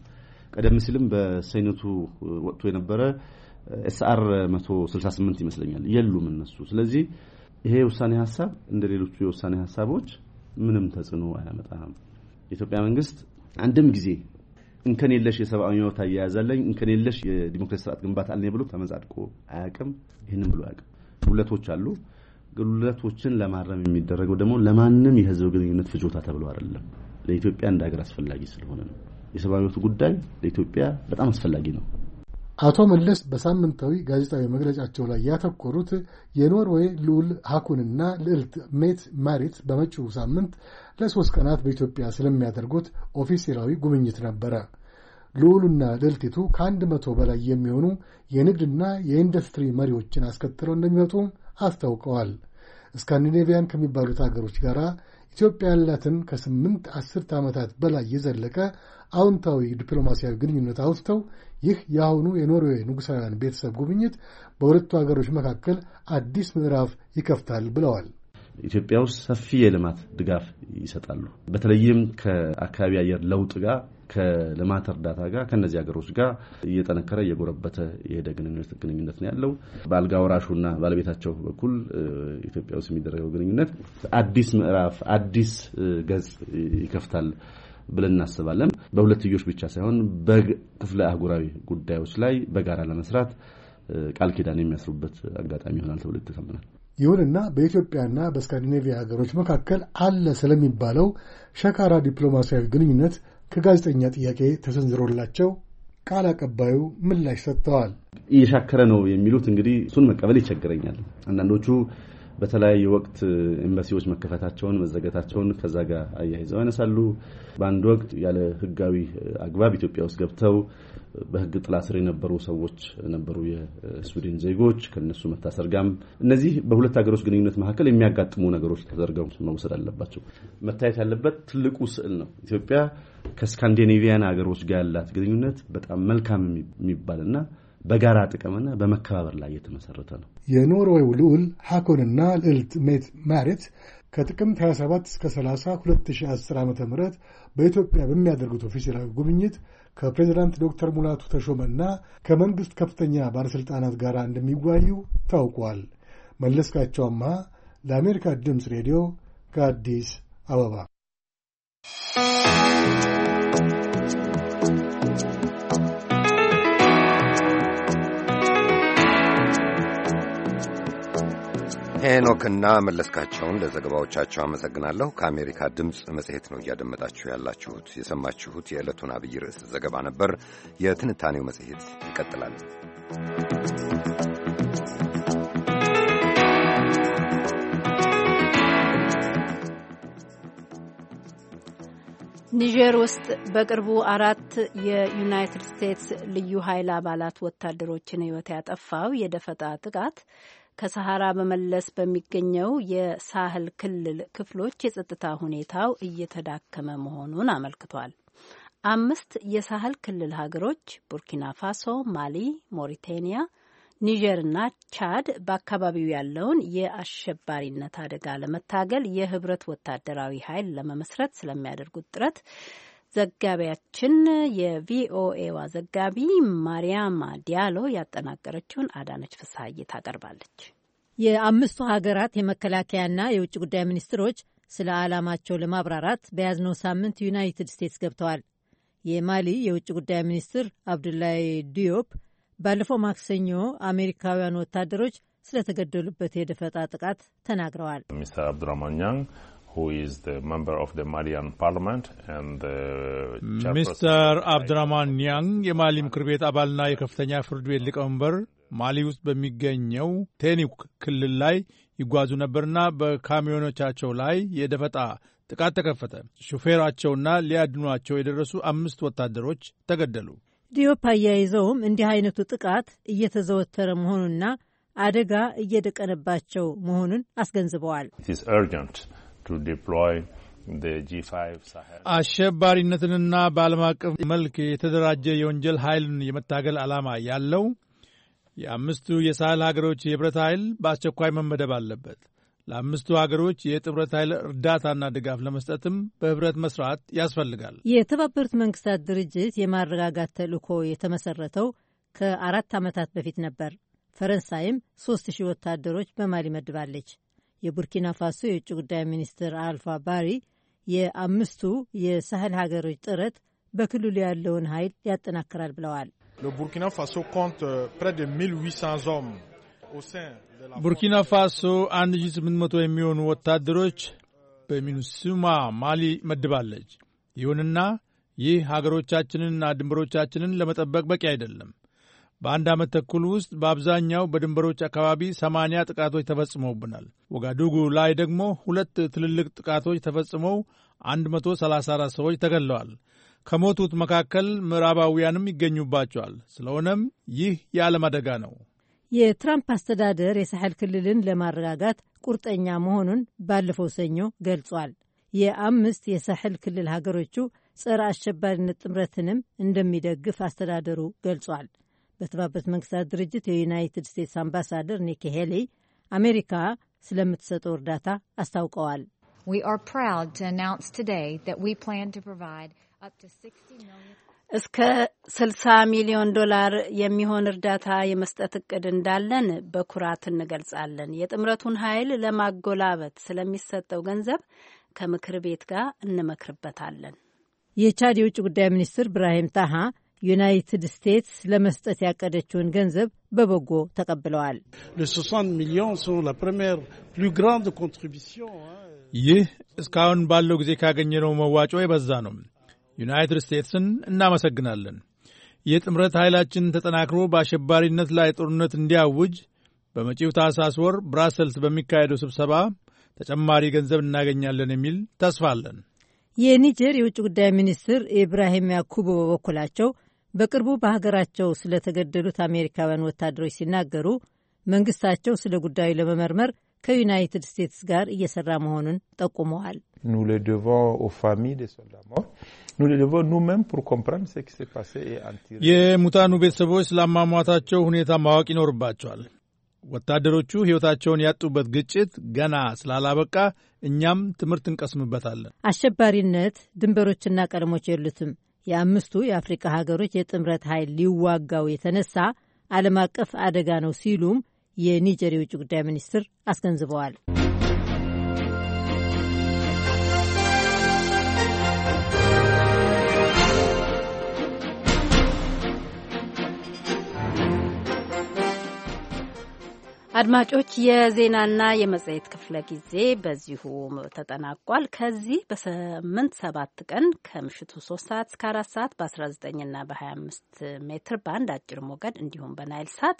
ቀደም ሲልም በሴኔቱ ወጥቶ የነበረ ኤስአር 168 ይመስለኛል የሉም እነሱ። ስለዚህ ይሄ የውሳኔ ሀሳብ እንደ ሌሎቹ የውሳኔ ሀሳቦች ምንም ተጽዕኖ አያመጣም። የኢትዮጵያ መንግስት አንድም ጊዜ እንከን የለሽ የሰብአዊ መብት አያያዛለኝ እንከን የለሽ የዲሞክራሲ ስርዓት ግንባታ አለኝ ብሎ ተመጻድቆ አያውቅም። ይህንም ብሎ አያውቅም። ሁለቶች አሉ ግሉለቶችን ለማረም የሚደረገው ደግሞ ለማንም የህዝብ ግንኙነት ፍጆታ ተብሎ አይደለም። ለኢትዮጵያ እንደ ሀገር አስፈላጊ ስለሆነ ነው። የሰብአዊ መብት ጉዳይ ለኢትዮጵያ በጣም አስፈላጊ ነው። አቶ መለስ በሳምንታዊ ጋዜጣዊ መግለጫቸው ላይ ያተኮሩት የኖርዌይ ልዑል ሀኩንና ልዕልት ሜት ማሪት በመጪው ሳምንት ለሶስት ቀናት በኢትዮጵያ ስለሚያደርጉት ኦፊሴላዊ ጉብኝት ነበረ። ልዑሉና ልዕልቲቱ ከአንድ መቶ በላይ የሚሆኑ የንግድና የኢንዱስትሪ መሪዎችን አስከትለው እንደሚመጡ አስታውቀዋል። ስካንዲኔቪያን ከሚባሉት አገሮች ጋር ኢትዮጵያ ያላትን ከስምንት አስርተ ዓመታት በላይ የዘለቀ አዎንታዊ ዲፕሎማሲያዊ ግንኙነት አውስተው ይህ የአሁኑ የኖርዌይ ንጉሣውያን ቤተሰብ ጉብኝት በሁለቱ አገሮች መካከል አዲስ ምዕራፍ ይከፍታል ብለዋል። ኢትዮጵያ ውስጥ ሰፊ የልማት ድጋፍ ይሰጣሉ። በተለይም ከአካባቢ አየር ለውጥ ጋር ከልማት እርዳታ ጋር ከእነዚህ ሀገሮች ጋር እየጠነከረ እየጎረበተ የሄደ ግንኙነት ነው ያለው። በአልጋ ወራሹና ባለቤታቸው በኩል ኢትዮጵያ ውስጥ የሚደረገው ግንኙነት አዲስ ምዕራፍ አዲስ ገጽ ይከፍታል ብለን እናስባለን። በሁለትዮሽ ብቻ ሳይሆን በክፍለ አህጉራዊ ጉዳዮች ላይ በጋራ ለመስራት ቃል ኪዳን የሚያስሩበት አጋጣሚ ይሆናል ተብሎ ይታመናል። ይሁንና በኢትዮጵያና በስካንዲኔቪያ ሀገሮች መካከል አለ ስለሚባለው ሸካራ ዲፕሎማሲያዊ ግንኙነት ከጋዜጠኛ ጥያቄ ተሰንዝሮላቸው ቃል አቀባዩ ምላሽ ሰጥተዋል። እየሻከረ ነው የሚሉት እንግዲህ እሱን መቀበል ይቸግረኛል። አንዳንዶቹ በተለያየ ወቅት ኤምባሲዎች መከፈታቸውን መዘጋታቸውን ከዛ ጋር አያይዘው ያነሳሉ። በአንድ ወቅት ያለ ሕጋዊ አግባብ ኢትዮጵያ ውስጥ ገብተው በህግ ጥላ ስር የነበሩ ሰዎች ነበሩ፣ የስዊድን ዜጎች ከነሱ መታሰር እነዚህ በሁለት ሀገሮች ግንኙነት መካከል የሚያጋጥሙ ነገሮች ተደርገው መውሰድ አለባቸው። መታየት ያለበት ትልቁ ስዕል ነው። ኢትዮጵያ ከስካንዲኔቪያን ሀገሮች ጋር ያላት ግንኙነት በጣም መልካም የሚባልና በጋራ ጥቅምና በመከባበር ላይ የተመሰረተ ነው። የኖርዌው ልዑል ሐኮንና ልዕልት ሜት ማሪት ከጥቅምት 27 እስከ 30 2010 ዓ ም በኢትዮጵያ በሚያደርጉት ኦፊሴላዊ ጉብኝት ከፕሬዚዳንት ዶክተር ሙላቱ ተሾመና ከመንግሥት ከፍተኛ ባለሥልጣናት ጋር እንደሚወያዩ ታውቋል። መለስካቸው ለአሜሪካ ድምፅ ሬዲዮ ከአዲስ አበባ ሄኖክና መለስካቸውን ለዘገባዎቻቸው አመሰግናለሁ። ከአሜሪካ ድምፅ መጽሔት ነው እያደመጣችሁ ያላችሁት። የሰማችሁት የዕለቱን አብይ ርዕስ ዘገባ ነበር። የትንታኔው መጽሔት ይቀጥላል። ኒጀር ውስጥ በቅርቡ አራት የዩናይትድ ስቴትስ ልዩ ኃይል አባላት ወታደሮችን ሕይወት ያጠፋው የደፈጣ ጥቃት ከሰሐራ በመለስ በሚገኘው የሳህል ክልል ክፍሎች የጸጥታ ሁኔታው እየተዳከመ መሆኑን አመልክቷል። አምስት የሳህል ክልል ሀገሮች ቡርኪና ፋሶ፣ ማሊ፣ ሞሪቴኒያ፣ ኒጀርና ቻድ በአካባቢው ያለውን የአሸባሪነት አደጋ ለመታገል የህብረት ወታደራዊ ኃይል ለመመስረት ስለሚያደርጉት ጥረት ዘጋቢያችን የቪኦኤዋ ዘጋቢ ማርያም ዲያሎ ያጠናቀረችውን አዳነች ፍስሐዬ ታቀርባለች። የአምስቱ ሀገራት የመከላከያና የውጭ ጉዳይ ሚኒስትሮች ስለ ዓላማቸው ለማብራራት በያዝነው ሳምንት ዩናይትድ ስቴትስ ገብተዋል። የማሊ የውጭ ጉዳይ ሚኒስትር አብዱላይ ዲዮፕ ባለፈው ማክሰኞ አሜሪካውያን ወታደሮች ስለተገደሉበት የደፈጣ ጥቃት ተናግረዋል። ሚስተር አብዱራማኛን who is the member of the Malian parliament and uh, the ሚስተር አብድራማን ኒያንግ የማሊ ምክር ቤት አባልና የከፍተኛ ፍርድ ቤት ሊቀመንበር ማሊ ውስጥ በሚገኘው ቴኒክ ክልል ላይ ይጓዙ ነበርና በካሚዮኖቻቸው ላይ የደፈጣ ጥቃት ተከፈተ። ሹፌራቸውና ሊያድኗቸው የደረሱ አምስት ወታደሮች ተገደሉ። ዲዮፕ አያይዘውም እንዲህ አይነቱ ጥቃት እየተዘወተረ መሆኑና አደጋ እየደቀነባቸው መሆኑን አስገንዝበዋል። አሸባሪነትንና በዓለም አቀፍ መልክ የተደራጀ የወንጀል ኃይልን የመታገል ዓላማ ያለው የአምስቱ የሳህል ሀገሮች የህብረት ኃይል በአስቸኳይ መመደብ አለበት። ለአምስቱ ሀገሮች የጥምረት ኃይል እርዳታና ድጋፍ ለመስጠትም በህብረት መስራት ያስፈልጋል። የተባበሩት መንግስታት ድርጅት የማረጋጋት ተልእኮ የተመሰረተው ከአራት ዓመታት በፊት ነበር። ፈረንሳይም ሶስት ሺህ ወታደሮች በማሊ መድባለች። የቡርኪና ፋሶ የውጭ ጉዳይ ሚኒስትር አልፋ ባሪ የአምስቱ የሳህል ሀገሮች ጥረት በክልሉ ያለውን ኃይል ያጠናክራል ብለዋል። ቡርኪና ፋሶ ኮንት ፕሬ ደ 1800 ሆም ቡርኪና ፋሶ 1800 የሚሆኑ ወታደሮች በሚኑስማ ማሊ መድባለች። ይሁንና ይህ ሀገሮቻችንንና ድንበሮቻችንን ለመጠበቅ በቂ አይደለም። በአንድ ዓመት ተኩል ውስጥ በአብዛኛው በድንበሮች አካባቢ ሰማንያ ጥቃቶች ተፈጽመውብናል። ወጋዱጉ ላይ ደግሞ ሁለት ትልልቅ ጥቃቶች ተፈጽመው 134 ሰዎች ተገለዋል። ከሞቱት መካከል ምዕራባውያንም ይገኙባቸዋል። ስለሆነም ይህ የዓለም አደጋ ነው። የትራምፕ አስተዳደር የሳሐል ክልልን ለማረጋጋት ቁርጠኛ መሆኑን ባለፈው ሰኞ ገልጿል። የአምስት የሳሐል ክልል ሀገሮቹ ጸረ አሸባሪነት ጥምረትንም እንደሚደግፍ አስተዳደሩ ገልጿል። በተባበሩት መንግስታት ድርጅት የዩናይትድ ስቴትስ አምባሳደር ኒኪ ሄሊ አሜሪካ ስለምትሰጠው እርዳታ አስታውቀዋል። እስከ 60 ሚሊዮን ዶላር የሚሆን እርዳታ የመስጠት እቅድ እንዳለን በኩራት እንገልጻለን። የጥምረቱን ኃይል ለማጎላበት ስለሚሰጠው ገንዘብ ከምክር ቤት ጋር እንመክርበታለን። የቻድ የውጭ ጉዳይ ሚኒስትር ብራሂም ታሃ ዩናይትድ ስቴትስ ለመስጠት ያቀደችውን ገንዘብ በበጎ ተቀብለዋል። euh, ይህ እስካሁን ባለው ጊዜ ካገኘነው መዋጮ የበዛ ነው። ዩናይትድ ስቴትስን እናመሰግናለን። የጥምረት ኃይላችን ተጠናክሮ በአሸባሪነት ላይ ጦርነት እንዲያውጅ በመጪው ታህሳስ ወር ብራሰልስ በሚካሄደው ስብሰባ ተጨማሪ ገንዘብ እናገኛለን የሚል ተስፋ አለን። የኒጀር የውጭ ጉዳይ ሚኒስትር ኢብራሂም ያኩቡ በበኩላቸው በቅርቡ በሀገራቸው ስለተገደሉት አሜሪካውያን ወታደሮች ሲናገሩ መንግስታቸው ስለ ጉዳዩ ለመመርመር ከዩናይትድ ስቴትስ ጋር እየሰራ መሆኑን ጠቁመዋል። የሙታኑ ቤተሰቦች ስላሟሟታቸው ሁኔታ ማወቅ ይኖርባቸዋል። ወታደሮቹ ሕይወታቸውን ያጡበት ግጭት ገና ስላላበቃ እኛም ትምህርት እንቀስምበታለን። አሸባሪነት ድንበሮችና ቀለሞች የሉትም። የአምስቱ የአፍሪካ ሀገሮች የጥምረት ኃይል ሊዋጋው የተነሳ ዓለም አቀፍ አደጋ ነው ሲሉም የኒጀር የውጭ ጉዳይ ሚኒስትር አስገንዝበዋል። አድማጮች የዜናና የመጽሔት ክፍለ ጊዜ በዚሁ ተጠናቋል። ከዚህ በስምንት ሰባት ቀን ከምሽቱ ሶስት ሰዓት እስከ አራት ሰዓት በ19ና በ25 ሜትር ባንድ አጭር ሞገድ እንዲሁም በናይል ሳት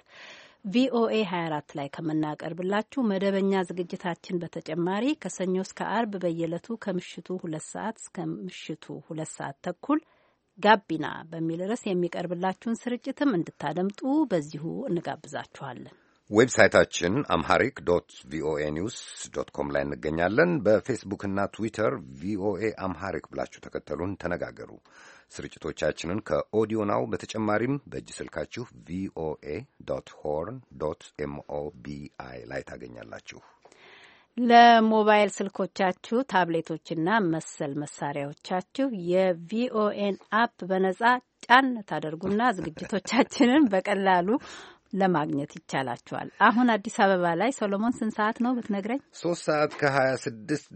ቪኦኤ 24 ላይ ከምናቀርብላችሁ መደበኛ ዝግጅታችን በተጨማሪ ከሰኞ እስከ አርብ በየዕለቱ ከምሽቱ ሁለት ሰዓት እስከ ምሽቱ ሁለት ሰዓት ተኩል ጋቢና በሚል ርዕስ የሚቀርብላችሁን ስርጭትም እንድታደምጡ በዚሁ እንጋብዛችኋለን። ዌብሳይታችን አምሃሪክ ዶት ቪኦኤ ኒውስ ዶት ኮም ላይ እንገኛለን። በፌስቡክና ትዊተር ቪኦኤ አምሐሪክ ብላችሁ ተከተሉን፣ ተነጋገሩ። ስርጭቶቻችንን ከኦዲዮ ናው በተጨማሪም በእጅ ስልካችሁ ቪኦኤ ዶት ሆርን ዶት ኤምኦቢአይ ላይ ታገኛላችሁ። ለሞባይል ስልኮቻችሁ ታብሌቶችና መሰል መሳሪያዎቻችሁ የቪኦኤን አፕ በነጻ ጫን ታደርጉና ዝግጅቶቻችንን በቀላሉ ለማግኘት ይቻላቸዋል። አሁን አዲስ አበባ ላይ ሰሎሞን ስንት ሰዓት ነው ብትነግረኝ? ሶስት ሰዓት ከሀያ ስድስት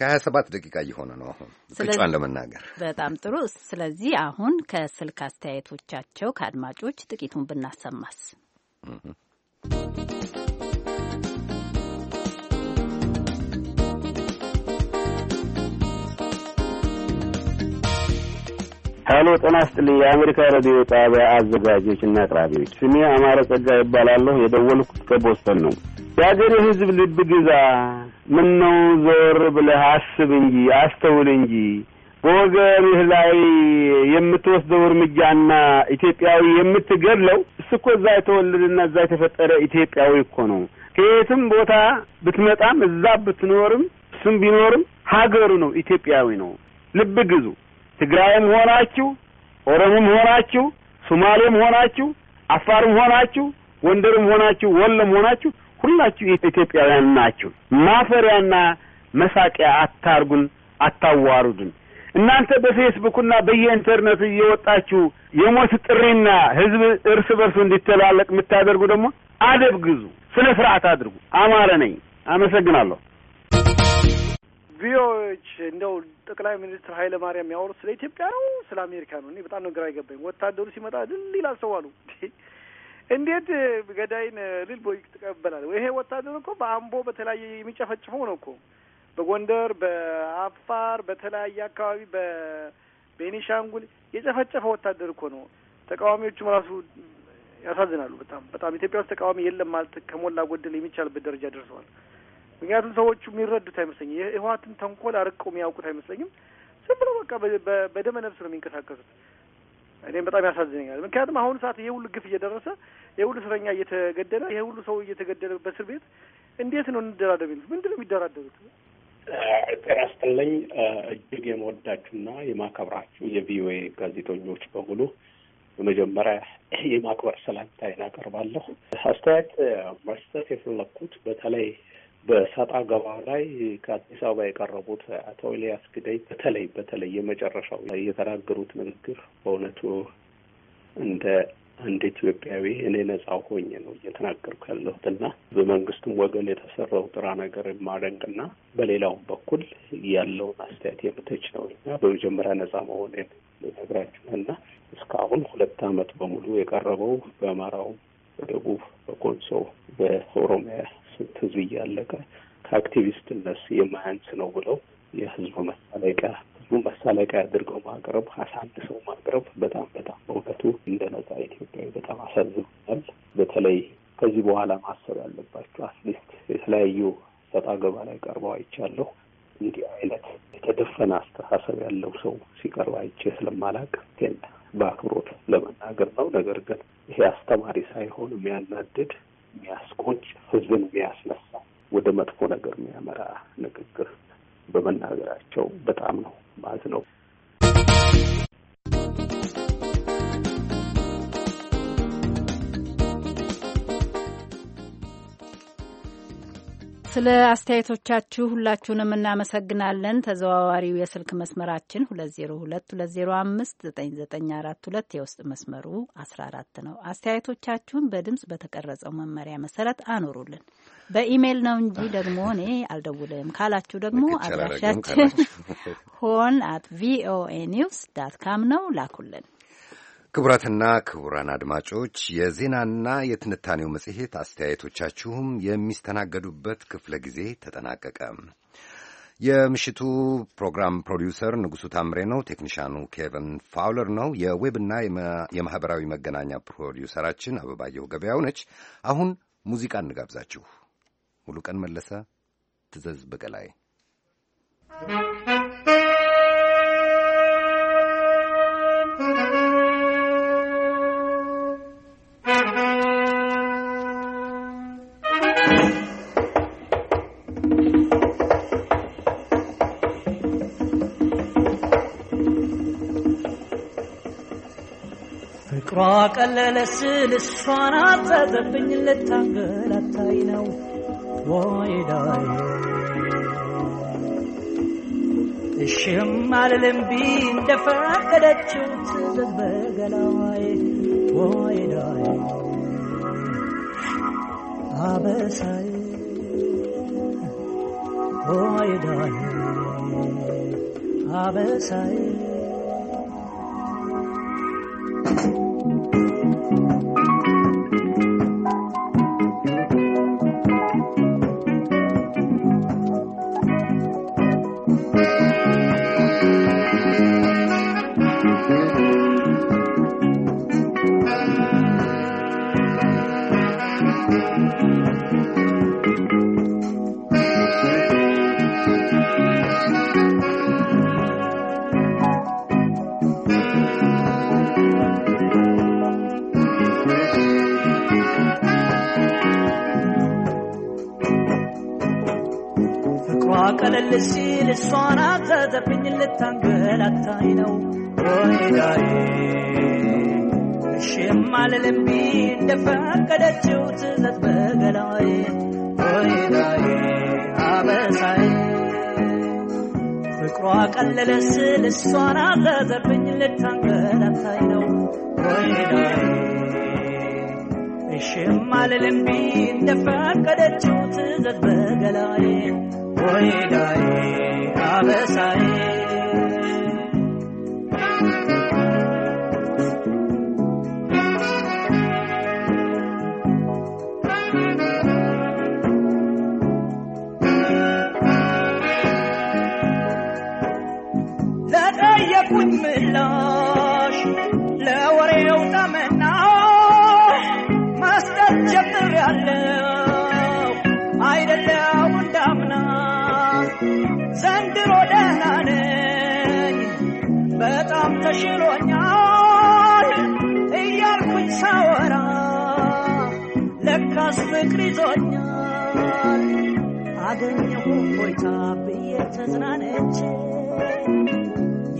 ከሀያ ሰባት ደቂቃ እየሆነ ነው አሁን ቅጫን ለመናገር በጣም ጥሩ። ስለዚህ አሁን ከስልክ አስተያየቶቻቸው ከአድማጮች ጥቂቱን ብናሰማስ ሀሎ ጤና ይስጥልኝ። የአሜሪካ ሬዲዮ ጣቢያ አዘጋጆች እና አቅራቢዎች፣ ስሜ አማረ ጸጋ ይባላለሁ። የደወልኩት ከቦስተን ነው። የአገሬ ሕዝብ ልብ ግዛ፣ ምነው ዞር ብለህ አስብ እንጂ አስተውል እንጂ በወገንህ ላይ የምትወስደው እርምጃና ኢትዮጵያዊ የምትገድለው እሱ እኮ እዛ የተወለደና እዛ የተፈጠረ ኢትዮጵያዊ እኮ ነው። ከየትም ቦታ ብትመጣም እዛ ብትኖርም እሱም ቢኖርም ሀገሩ ነው፣ ኢትዮጵያዊ ነው። ልብ ግዙ። ትግራይም ሆናችሁ ኦሮሞም ሆናችሁ ሶማሌም ሆናችሁ አፋርም ሆናችሁ ወንደርም ሆናችሁ ወሎም ሆናችሁ ሁላችሁ ኢትዮጵያውያን ናችሁ። ማፈሪያና መሳቂያ አታርጉን፣ አታዋሩድን። እናንተ በፌስቡክና በየኢንተርኔቱ እየወጣችሁ የሞት ጥሪና ህዝብ እርስ በርሱ እንዲተላለቅ የምታደርጉ ደግሞ አደብ ግዙ፣ ስነ ስርዓት አድርጉ። አማረ ነኝ። አመሰግናለሁ። ቪኦኤዎች እንደው ጠቅላይ ሚኒስትር ኃይለ ማርያም ያወሩት ስለ ኢትዮጵያ ነው ስለ አሜሪካ ነው? እኔ በጣም ነው ግራ አይገባኝ። ወታደሩ ሲመጣ ልል ይላል ሰው አሉ። እንዴት ገዳይን ልል ቦይ ትቀበላል? ይሄ ወታደር እኮ በአምቦ በተለያየ የሚጨፈጭፈው ነው እኮ በጎንደር፣ በአፋር፣ በተለያየ አካባቢ በቤኒሻንጉል የጨፈጨፈ ወታደር እኮ ነው። ተቃዋሚዎቹም ራሱ ያሳዝናሉ። በጣም በጣም ኢትዮጵያ ውስጥ ተቃዋሚ የለም ማለት ከሞላ ጎደል የሚቻልበት ደረጃ ደርሰዋል። ምክንያቱም ሰዎቹ የሚረዱት አይመስለኝም። የህወሓትን ተንኮል አርቀው የሚያውቁት አይመስለኝም። ዝም ብሎ በቃ በደመ ነፍስ ነው የሚንቀሳቀሱት። እኔም በጣም ያሳዝነኛል። ምክንያቱም አሁኑ ሰዓት ይሄ ሁሉ ግፍ እየደረሰ ይሄ ሁሉ እስረኛ እየተገደለ ይሄ ሁሉ ሰው እየተገደለ በእስር ቤት እንዴት ነው እንደራደር የሚሉት? ምንድን ነው የሚደራደሩት? ጤና ይስጥልኝ። እጅግ የመወዳችሁና የማከብራችሁ የቪኦኤ ጋዜጠኞች በሙሉ በመጀመሪያ የማክበር ሰላምታዬን አቀርባለሁ። አስተያየት መስጠት የፈለግኩት በተለይ በሰጣ ገባ ላይ ከአዲስ አበባ የቀረቡት አቶ ኤልያስ ግደይ በተለይ በተለይ የመጨረሻው የተናገሩት ንግግር በእውነቱ እንደ አንድ ኢትዮጵያዊ እኔ ነጻ ሆኜ ነው እየተናገርኩ ያለሁት እና በመንግስትም ወገን የተሰራው ጥራ ነገር የማደንቅና በሌላውም በኩል ያለውን አስተያየት የምተች ነው እና በመጀመሪያ ነጻ መሆኔን ነግራችሁን እና እስካሁን ሁለት አመት በሙሉ የቀረበው በአማራው፣ በደቡብ፣ በኮንሶ፣ በኦሮሚያ ህዝብ እያለቀ ከአክቲቪስትነት የማያንስ ነው ብለው የህዝቡ መሳለቂያ ህዝቡ መሳለቂያ አድርገው ማቅረብ አሳንሰው ማቅረብ በጣም በጣም በእውነቱ እንደ ነጻ ኢትዮጵያዊ በጣም አሳዝኛል። በተለይ ከዚህ በኋላ ማሰብ ያለባቸው አትሊስት የተለያዩ ሰጣ ገባ ላይ ቀርበው አይቻለሁ። እንዲህ አይነት የተደፈነ አስተሳሰብ ያለው ሰው ሲቀርብ አይቼ ስለማላቅ ግን በአክብሮት ለመናገር ነው። ነገር ግን ይሄ አስተማሪ ሳይሆን የሚያናድድ የሚያስቆጭ ህዝብን የሚያስነሳ ወደ መጥፎ ነገር የሚያመራ ንግግር በመናገራቸው በጣም ነው ማለት ነው። ስለ አስተያየቶቻችሁ ሁላችሁንም እናመሰግናለን። ተዘዋዋሪው የስልክ መስመራችን 2022059942 የውስጥ መስመሩ 14 ነው። አስተያየቶቻችሁን በድምፅ በተቀረጸው መመሪያ መሰረት አኖሩልን። በኢሜይል ነው እንጂ ደግሞ እኔ አልደውልም ካላችሁ ደግሞ አድራሻችን ሆን አት ቪኦኤ ኒውስ ዳት ካም ነው። ላኩልን። ክቡራትና ክቡራን አድማጮች የዜናና የትንታኔው መጽሔት አስተያየቶቻችሁም የሚስተናገዱበት ክፍለ ጊዜ ተጠናቀቀ። የምሽቱ ፕሮግራም ፕሮዲውሰር ንጉሡ ታምሬ ነው። ቴክኒሻኑ ኬቨን ፋውለር ነው። የዌብና የማኅበራዊ መገናኛ ፕሮዲውሰራችን አበባየሁ ገበያው ነች። አሁን ሙዚቃ እንጋብዛችሁ። ቀን መለሰ ትዘዝ በቀላይ ፍቅሯ ቀለለ ስል እሷን አጠገብኝ ልታንገላታይ ነው ወይዳዬ እሽም አልልም ቢ እንደፈቀደችው አበሳይ አበሳይ ስል እሷን አዘዘብኝ ተሽሎኛል እያልኩኝ ሳወራ ለካስ ፍቅር ይዞኛል አገኘሁ ሆይታ ብዬ ተዝናነች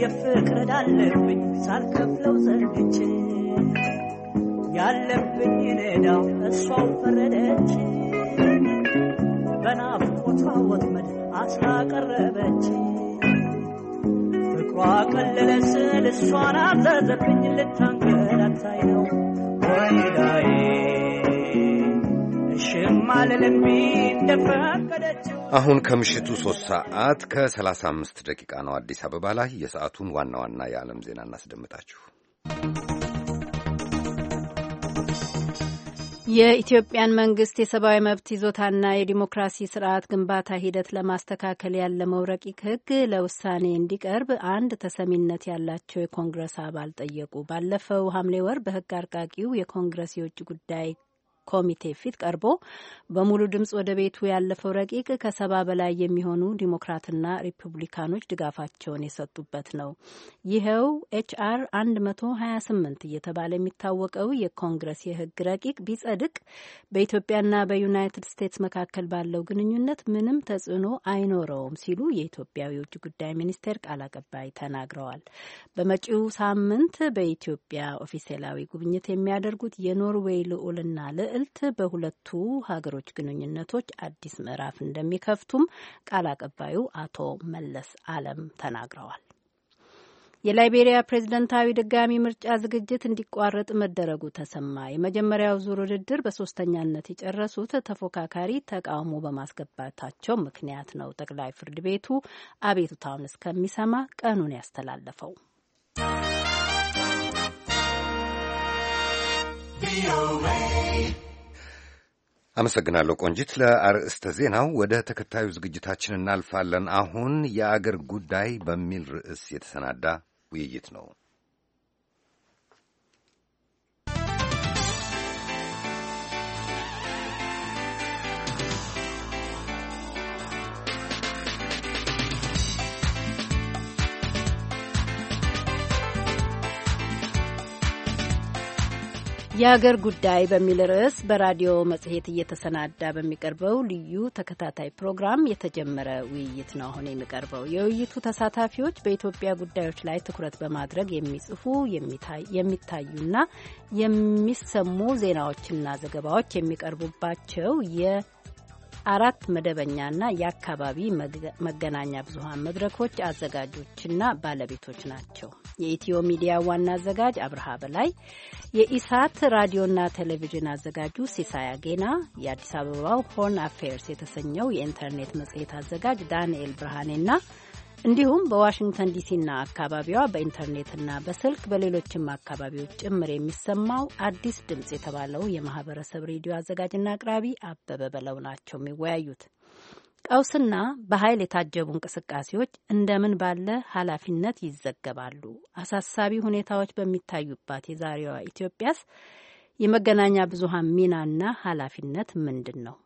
የፍቅር ዳለብኝ ሳልከፍለው ዘርግች ያለብኝ ነዳው እሷው ፈረደች በናፍቆቷ ወጥመድ አስራ ቀረበች ፍቅሯ ቀለለ ስል እሷን አዘዘብኝ ልታንገላታይ ነው አሁን ከምሽቱ ሶስት ሰዓት ከሰላሳ አምስት ደቂቃ ነው አዲስ አበባ ላይ። የሰዓቱን ዋና ዋና የዓለም ዜና እናስደምጣችሁ። የኢትዮጵያን መንግስት የሰብአዊ መብት ይዞታና የዲሞክራሲ ስርዓት ግንባታ ሂደት ለማስተካከል ያለመው ረቂቅ ህግ ለውሳኔ እንዲቀርብ አንድ ተሰሚነት ያላቸው የኮንግረስ አባል ጠየቁ። ባለፈው ሐምሌ ወር በህግ አርቃቂው የኮንግረስ የውጭ ጉዳይ ኮሚቴ ፊት ቀርቦ በሙሉ ድምፅ ወደ ቤቱ ያለፈው ረቂቅ ከሰባ በላይ የሚሆኑ ዲሞክራትና ሪፑብሊካኖች ድጋፋቸውን የሰጡበት ነው። ይኸው ኤችአር 128 እየተባለ የሚታወቀው የኮንግረስ የህግ ረቂቅ ቢጸድቅ በኢትዮጵያና በዩናይትድ ስቴትስ መካከል ባለው ግንኙነት ምንም ተጽዕኖ አይኖረውም ሲሉ የኢትዮጵያ የውጭ ጉዳይ ሚኒስቴር ቃል አቀባይ ተናግረዋል። በመጪው ሳምንት በኢትዮጵያ ኦፊሴላዊ ጉብኝት የሚያደርጉት የኖርዌይ ልዑልና ልዕ ልዕልት በሁለቱ ሀገሮች ግንኙነቶች አዲስ ምዕራፍ እንደሚከፍቱም ቃል አቀባዩ አቶ መለስ አለም ተናግረዋል። የላይቤሪያ ፕሬዝደንታዊ ድጋሚ ምርጫ ዝግጅት እንዲቋረጥ መደረጉ ተሰማ። የመጀመሪያው ዙር ውድድር በሶስተኛነት የጨረሱት ተፎካካሪ ተቃውሞ በማስገባታቸው ምክንያት ነው። ጠቅላይ ፍርድ ቤቱ አቤቱታውን እስከሚሰማ ቀኑን ያስተላለፈው። አመሰግናለሁ ቆንጂት ለአርዕስተ ዜናው። ወደ ተከታዩ ዝግጅታችን እናልፋለን። አሁን የአገር ጉዳይ በሚል ርዕስ የተሰናዳ ውይይት ነው። የአገር ጉዳይ በሚል ርዕስ በራዲዮ መጽሔት እየተሰናዳ በሚቀርበው ልዩ ተከታታይ ፕሮግራም የተጀመረ ውይይት ነው አሁን የሚቀርበው። የውይይቱ ተሳታፊዎች በኢትዮጵያ ጉዳዮች ላይ ትኩረት በማድረግ የሚጽፉ የሚታዩና የሚሰሙ ዜናዎችና ዘገባዎች የሚቀርቡባቸው የ አራት መደበኛና የአካባቢ መገናኛ ብዙሀን መድረኮች አዘጋጆችና ባለቤቶች ናቸው። የኢትዮ ሚዲያ ዋና አዘጋጅ አብርሃ በላይ፣ የኢሳት ራዲዮና ቴሌቪዥን አዘጋጁ ሲሳያ ጌና፣ የአዲስ አበባው ሆርን አፌርስ የተሰኘው የኢንተርኔት መጽሔት አዘጋጅ ዳንኤል ብርሃኔና እንዲሁም በዋሽንግተን ዲሲና አካባቢዋ በኢንተርኔትና በስልክ በሌሎችም አካባቢዎች ጭምር የሚሰማው አዲስ ድምፅ የተባለው የማህበረሰብ ሬዲዮ አዘጋጅና አቅራቢ አበበ በለው ናቸው የሚወያዩት። ቀውስና በኃይል የታጀቡ እንቅስቃሴዎች እንደምን ባለ ኃላፊነት ይዘገባሉ? አሳሳቢ ሁኔታዎች በሚታዩባት የዛሬዋ ኢትዮጵያስ የመገናኛ ብዙሃን ሚናና ኃላፊነት ምንድን ነው?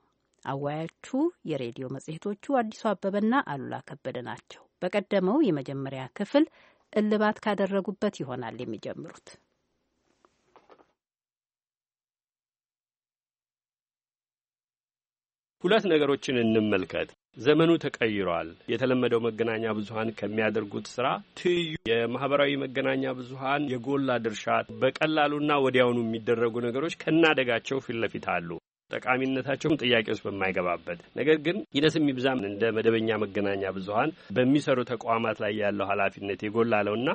አዋያቹ የሬዲዮ መጽሔቶቹ አዲሱ አበበና አሉላ ከበደ ናቸው። በቀደመው የመጀመሪያ ክፍል እልባት ካደረጉበት ይሆናል የሚጀምሩት። ሁለት ነገሮችን እንመልከት። ዘመኑ ተቀይሯል። የተለመደው መገናኛ ብዙሀን ከሚያደርጉት ስራ ትይዩ የማህበራዊ መገናኛ ብዙሀን የጎላ ድርሻ በቀላሉና ወዲያውኑ የሚደረጉ ነገሮች ከናደጋቸው ፊት ለፊት አሉ። ጠቃሚነታቸውም ጥያቄ ውስጥ በማይገባበት ነገር ግን ይነስ የሚብዛም እንደ መደበኛ መገናኛ ብዙኃን በሚሰሩ ተቋማት ላይ ያለው ኃላፊነት የጎላለውና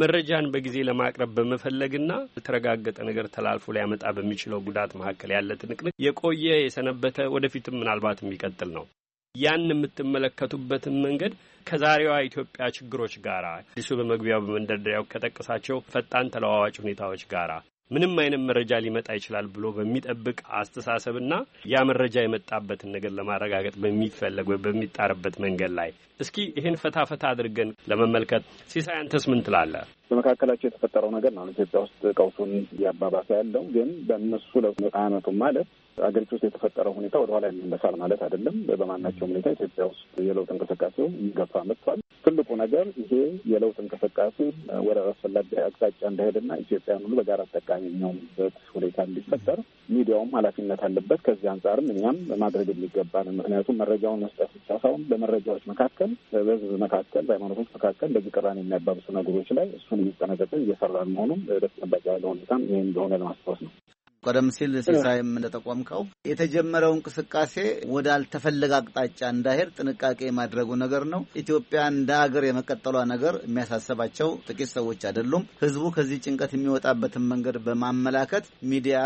መረጃን በጊዜ ለማቅረብ በመፈለግና የተረጋገጠ ነገር ተላልፎ ሊያመጣ በሚችለው ጉዳት መካከል ያለ ትንቅንቅ የቆየ የሰነበተ ወደፊትም ምናልባት የሚቀጥል ነው። ያን የምትመለከቱበትን መንገድ ከዛሬዋ ኢትዮጵያ ችግሮች ጋር አዲሱ በመግቢያው በመንደርደሪያው ከጠቀሳቸው ፈጣን ተለዋዋጭ ሁኔታዎች ጋራ ምንም አይነት መረጃ ሊመጣ ይችላል ብሎ በሚጠብቅ አስተሳሰብና ያ መረጃ የመጣበትን ነገር ለማረጋገጥ በሚፈለግ ወይ በሚጣርበት መንገድ ላይ እስኪ ይህን ፈታ ፈታ አድርገን ለመመልከት ሲሳይ፣ አንተስ ምን ትላለህ? በመካከላቸው የተፈጠረው ነገር ነው ኢትዮጵያ ውስጥ ቀውሱን እያባባሰ ያለው። ግን በእነሱ ለአመቱ ማለት አገሪቱ ውስጥ የተፈጠረው ሁኔታ ወደኋላ የሚመሳል ማለት አይደለም። በማናቸው ሁኔታ ኢትዮጵያ ውስጥ የለውጥ እንቅስቃሴው ይገፋ መጥቷል። ትልቁ ነገር ይሄ የለውጥ እንቅስቃሴ ወደ አስፈላጊ አቅጣጫ እንዳሄድና ኢትዮጵያን ሁሉ በጋራ ተጠቃሚ የሚሆኑበት ሁኔታ እንዲፈጠር ሚዲያውም ኃላፊነት አለበት። ከዚህ አንጻርም እኛም ማድረግ የሚገባን ምክንያቱም መረጃውን መስጠት ብቻ ሳይሆን በመረጃዎች መካከል፣ በህዝብ መካከል፣ በሃይማኖቶች መካከል በዚህ ቅራኔ የሚያባብሱ ነገሮች ላይ እሱን የሚጠነቀቅ እየሰራ መሆኑም ደስ በተጠበቀ ያለ ሁኔታም ይህ እንደሆነ ለማስታወስ ነው። ቀደም ሲል ሲሳይም እንደጠቆምከው የተጀመረው እንቅስቃሴ ወዳልተፈለገ አቅጣጫ እንዳይሄድ ጥንቃቄ የማድረጉ ነገር ነው። ኢትዮጵያ እንደ ሀገር የመቀጠሏ ነገር የሚያሳስባቸው ጥቂት ሰዎች አይደሉም። ህዝቡ ከዚህ ጭንቀት የሚወጣበትን መንገድ በማመላከት ሚዲያ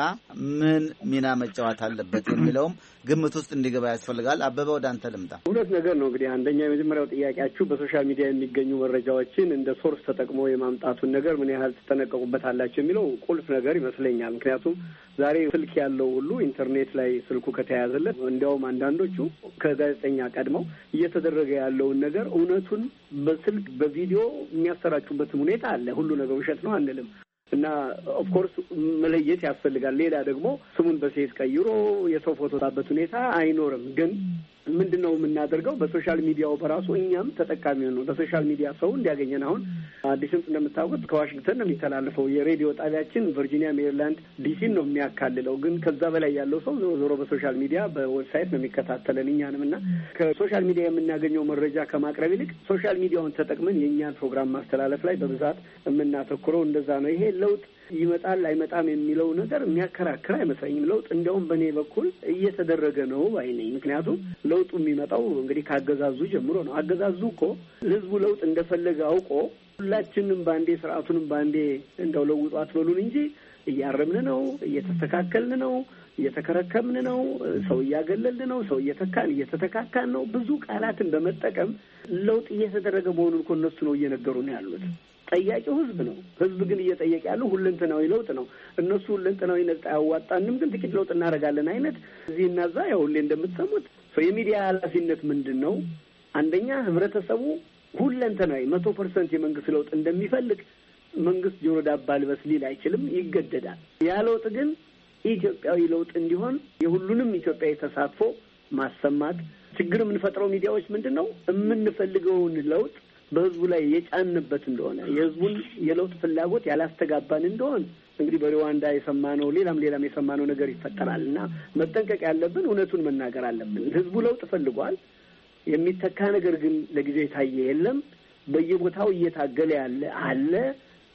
ምን ሚና መጫወት አለበት የሚለውም ግምት ውስጥ እንዲገባ ያስፈልጋል። አበበ ወደ አንተ ልምጣ። ሁለት ነገር ነው እንግዲህ አንደኛ የመጀመሪያው ጥያቄያችሁ በሶሻል ሚዲያ የሚገኙ መረጃዎችን እንደ ሶርስ ተጠቅሞ የማምጣቱን ነገር ምን ያህል ትጠነቀቁበታላችሁ የሚለው ቁልፍ ነገር ይመስለኛል። ምክንያቱም ዛሬ ስልክ ያለው ሁሉ ኢንተርኔት ላይ ስልኩ ከተያያዘለት እንዲያውም አንዳንዶቹ ከጋዜጠኛ ቀድመው እየተደረገ ያለውን ነገር እውነቱን በስልክ በቪዲዮ የሚያሰራጩበትም ሁኔታ አለ። ሁሉ ነገር ውሸት ነው አንልም እና ኦፍኮርስ መለየት ያስፈልጋል። ሌላ ደግሞ ስሙን በሴት ቀይሮ የሰው ፎቶ ሁኔታ አይኖርም ግን ምንድን ነው የምናደርገው? በሶሻል ሚዲያው በራሱ እኛም ተጠቃሚ ነው። በሶሻል ሚዲያ ሰው እንዲያገኘን አሁን አዲስ ድምፅ እንደምታውቁት ከዋሽንግተን ነው የሚተላለፈው የሬዲዮ ጣቢያችን ቨርጂኒያ፣ ሜሪላንድ ዲሲን ነው የሚያካልለው። ግን ከዛ በላይ ያለው ሰው ዞሮ ዞሮ በሶሻል ሚዲያ በዌብሳይት ነው የሚከታተለን እኛንም እና ከሶሻል ሚዲያ የምናገኘው መረጃ ከማቅረብ ይልቅ ሶሻል ሚዲያውን ተጠቅመን የእኛን ፕሮግራም ማስተላለፍ ላይ በብዛት የምናተኩረው እንደዛ ነው። ይሄ ለውጥ ይመጣል አይመጣም የሚለው ነገር የሚያከራክር አይመስለኝም። ለውጥ እንዲያውም በእኔ በኩል እየተደረገ ነው ባይነኝ። ምክንያቱም ለውጡ የሚመጣው እንግዲህ ከአገዛዙ ጀምሮ ነው። አገዛዙ እኮ ህዝቡ ለውጥ እንደፈለገ አውቆ ሁላችንም በአንዴ ስርዓቱንም በአንዴ እንደው ለውጡ አትበሉን እንጂ እያረምን ነው፣ እየተስተካከልን ነው፣ እየተከረከምን ነው፣ ሰው እያገለልን ነው፣ ሰው እየተካን እየተተካካን ነው። ብዙ ቃላትን በመጠቀም ለውጥ እየተደረገ መሆኑን እኮ እነሱ ነው እየነገሩ ነው ያሉት። ጠያቂው ህዝብ ነው። ህዝብ ግን እየጠየቀ ያለው ሁለንተናዊ ለውጥ ነው። እነሱ ሁለንተናዊ ነጻ አያዋጣንም፣ ግን ጥቂት ለውጥ እናደርጋለን አይነት እዚህና እዛ ያው ሁሌ እንደምትሰሙት የሚዲያ ኃላፊነት ምንድን ነው? አንደኛ ህብረተሰቡ ሁለንተናዊ መቶ ፐርሰንት የመንግስት ለውጥ እንደሚፈልግ መንግስት ጆሮ ዳባ ልበስ ሊል አይችልም፣ ይገደዳል። ያ ለውጥ ግን ኢትዮጵያዊ ለውጥ እንዲሆን የሁሉንም ኢትዮጵያዊ ተሳትፎ ማሰማት ችግር የምንፈጥረው ሚዲያዎች ምንድን ነው የምንፈልገውን ለውጥ በህዝቡ ላይ የጫንበት እንደሆነ የህዝቡን የለውጥ ፍላጎት ያላስተጋባን እንደሆን እንግዲህ በሩዋንዳ የሰማነው ሌላም ሌላም የሰማነው ነገር ይፈጠራል እና መጠንቀቅ ያለብን እውነቱን መናገር አለብን። ህዝቡ ለውጥ ፈልጓል። የሚተካ ነገር ግን ለጊዜው የታየ የለም። በየቦታው እየታገለ ያለ አለ።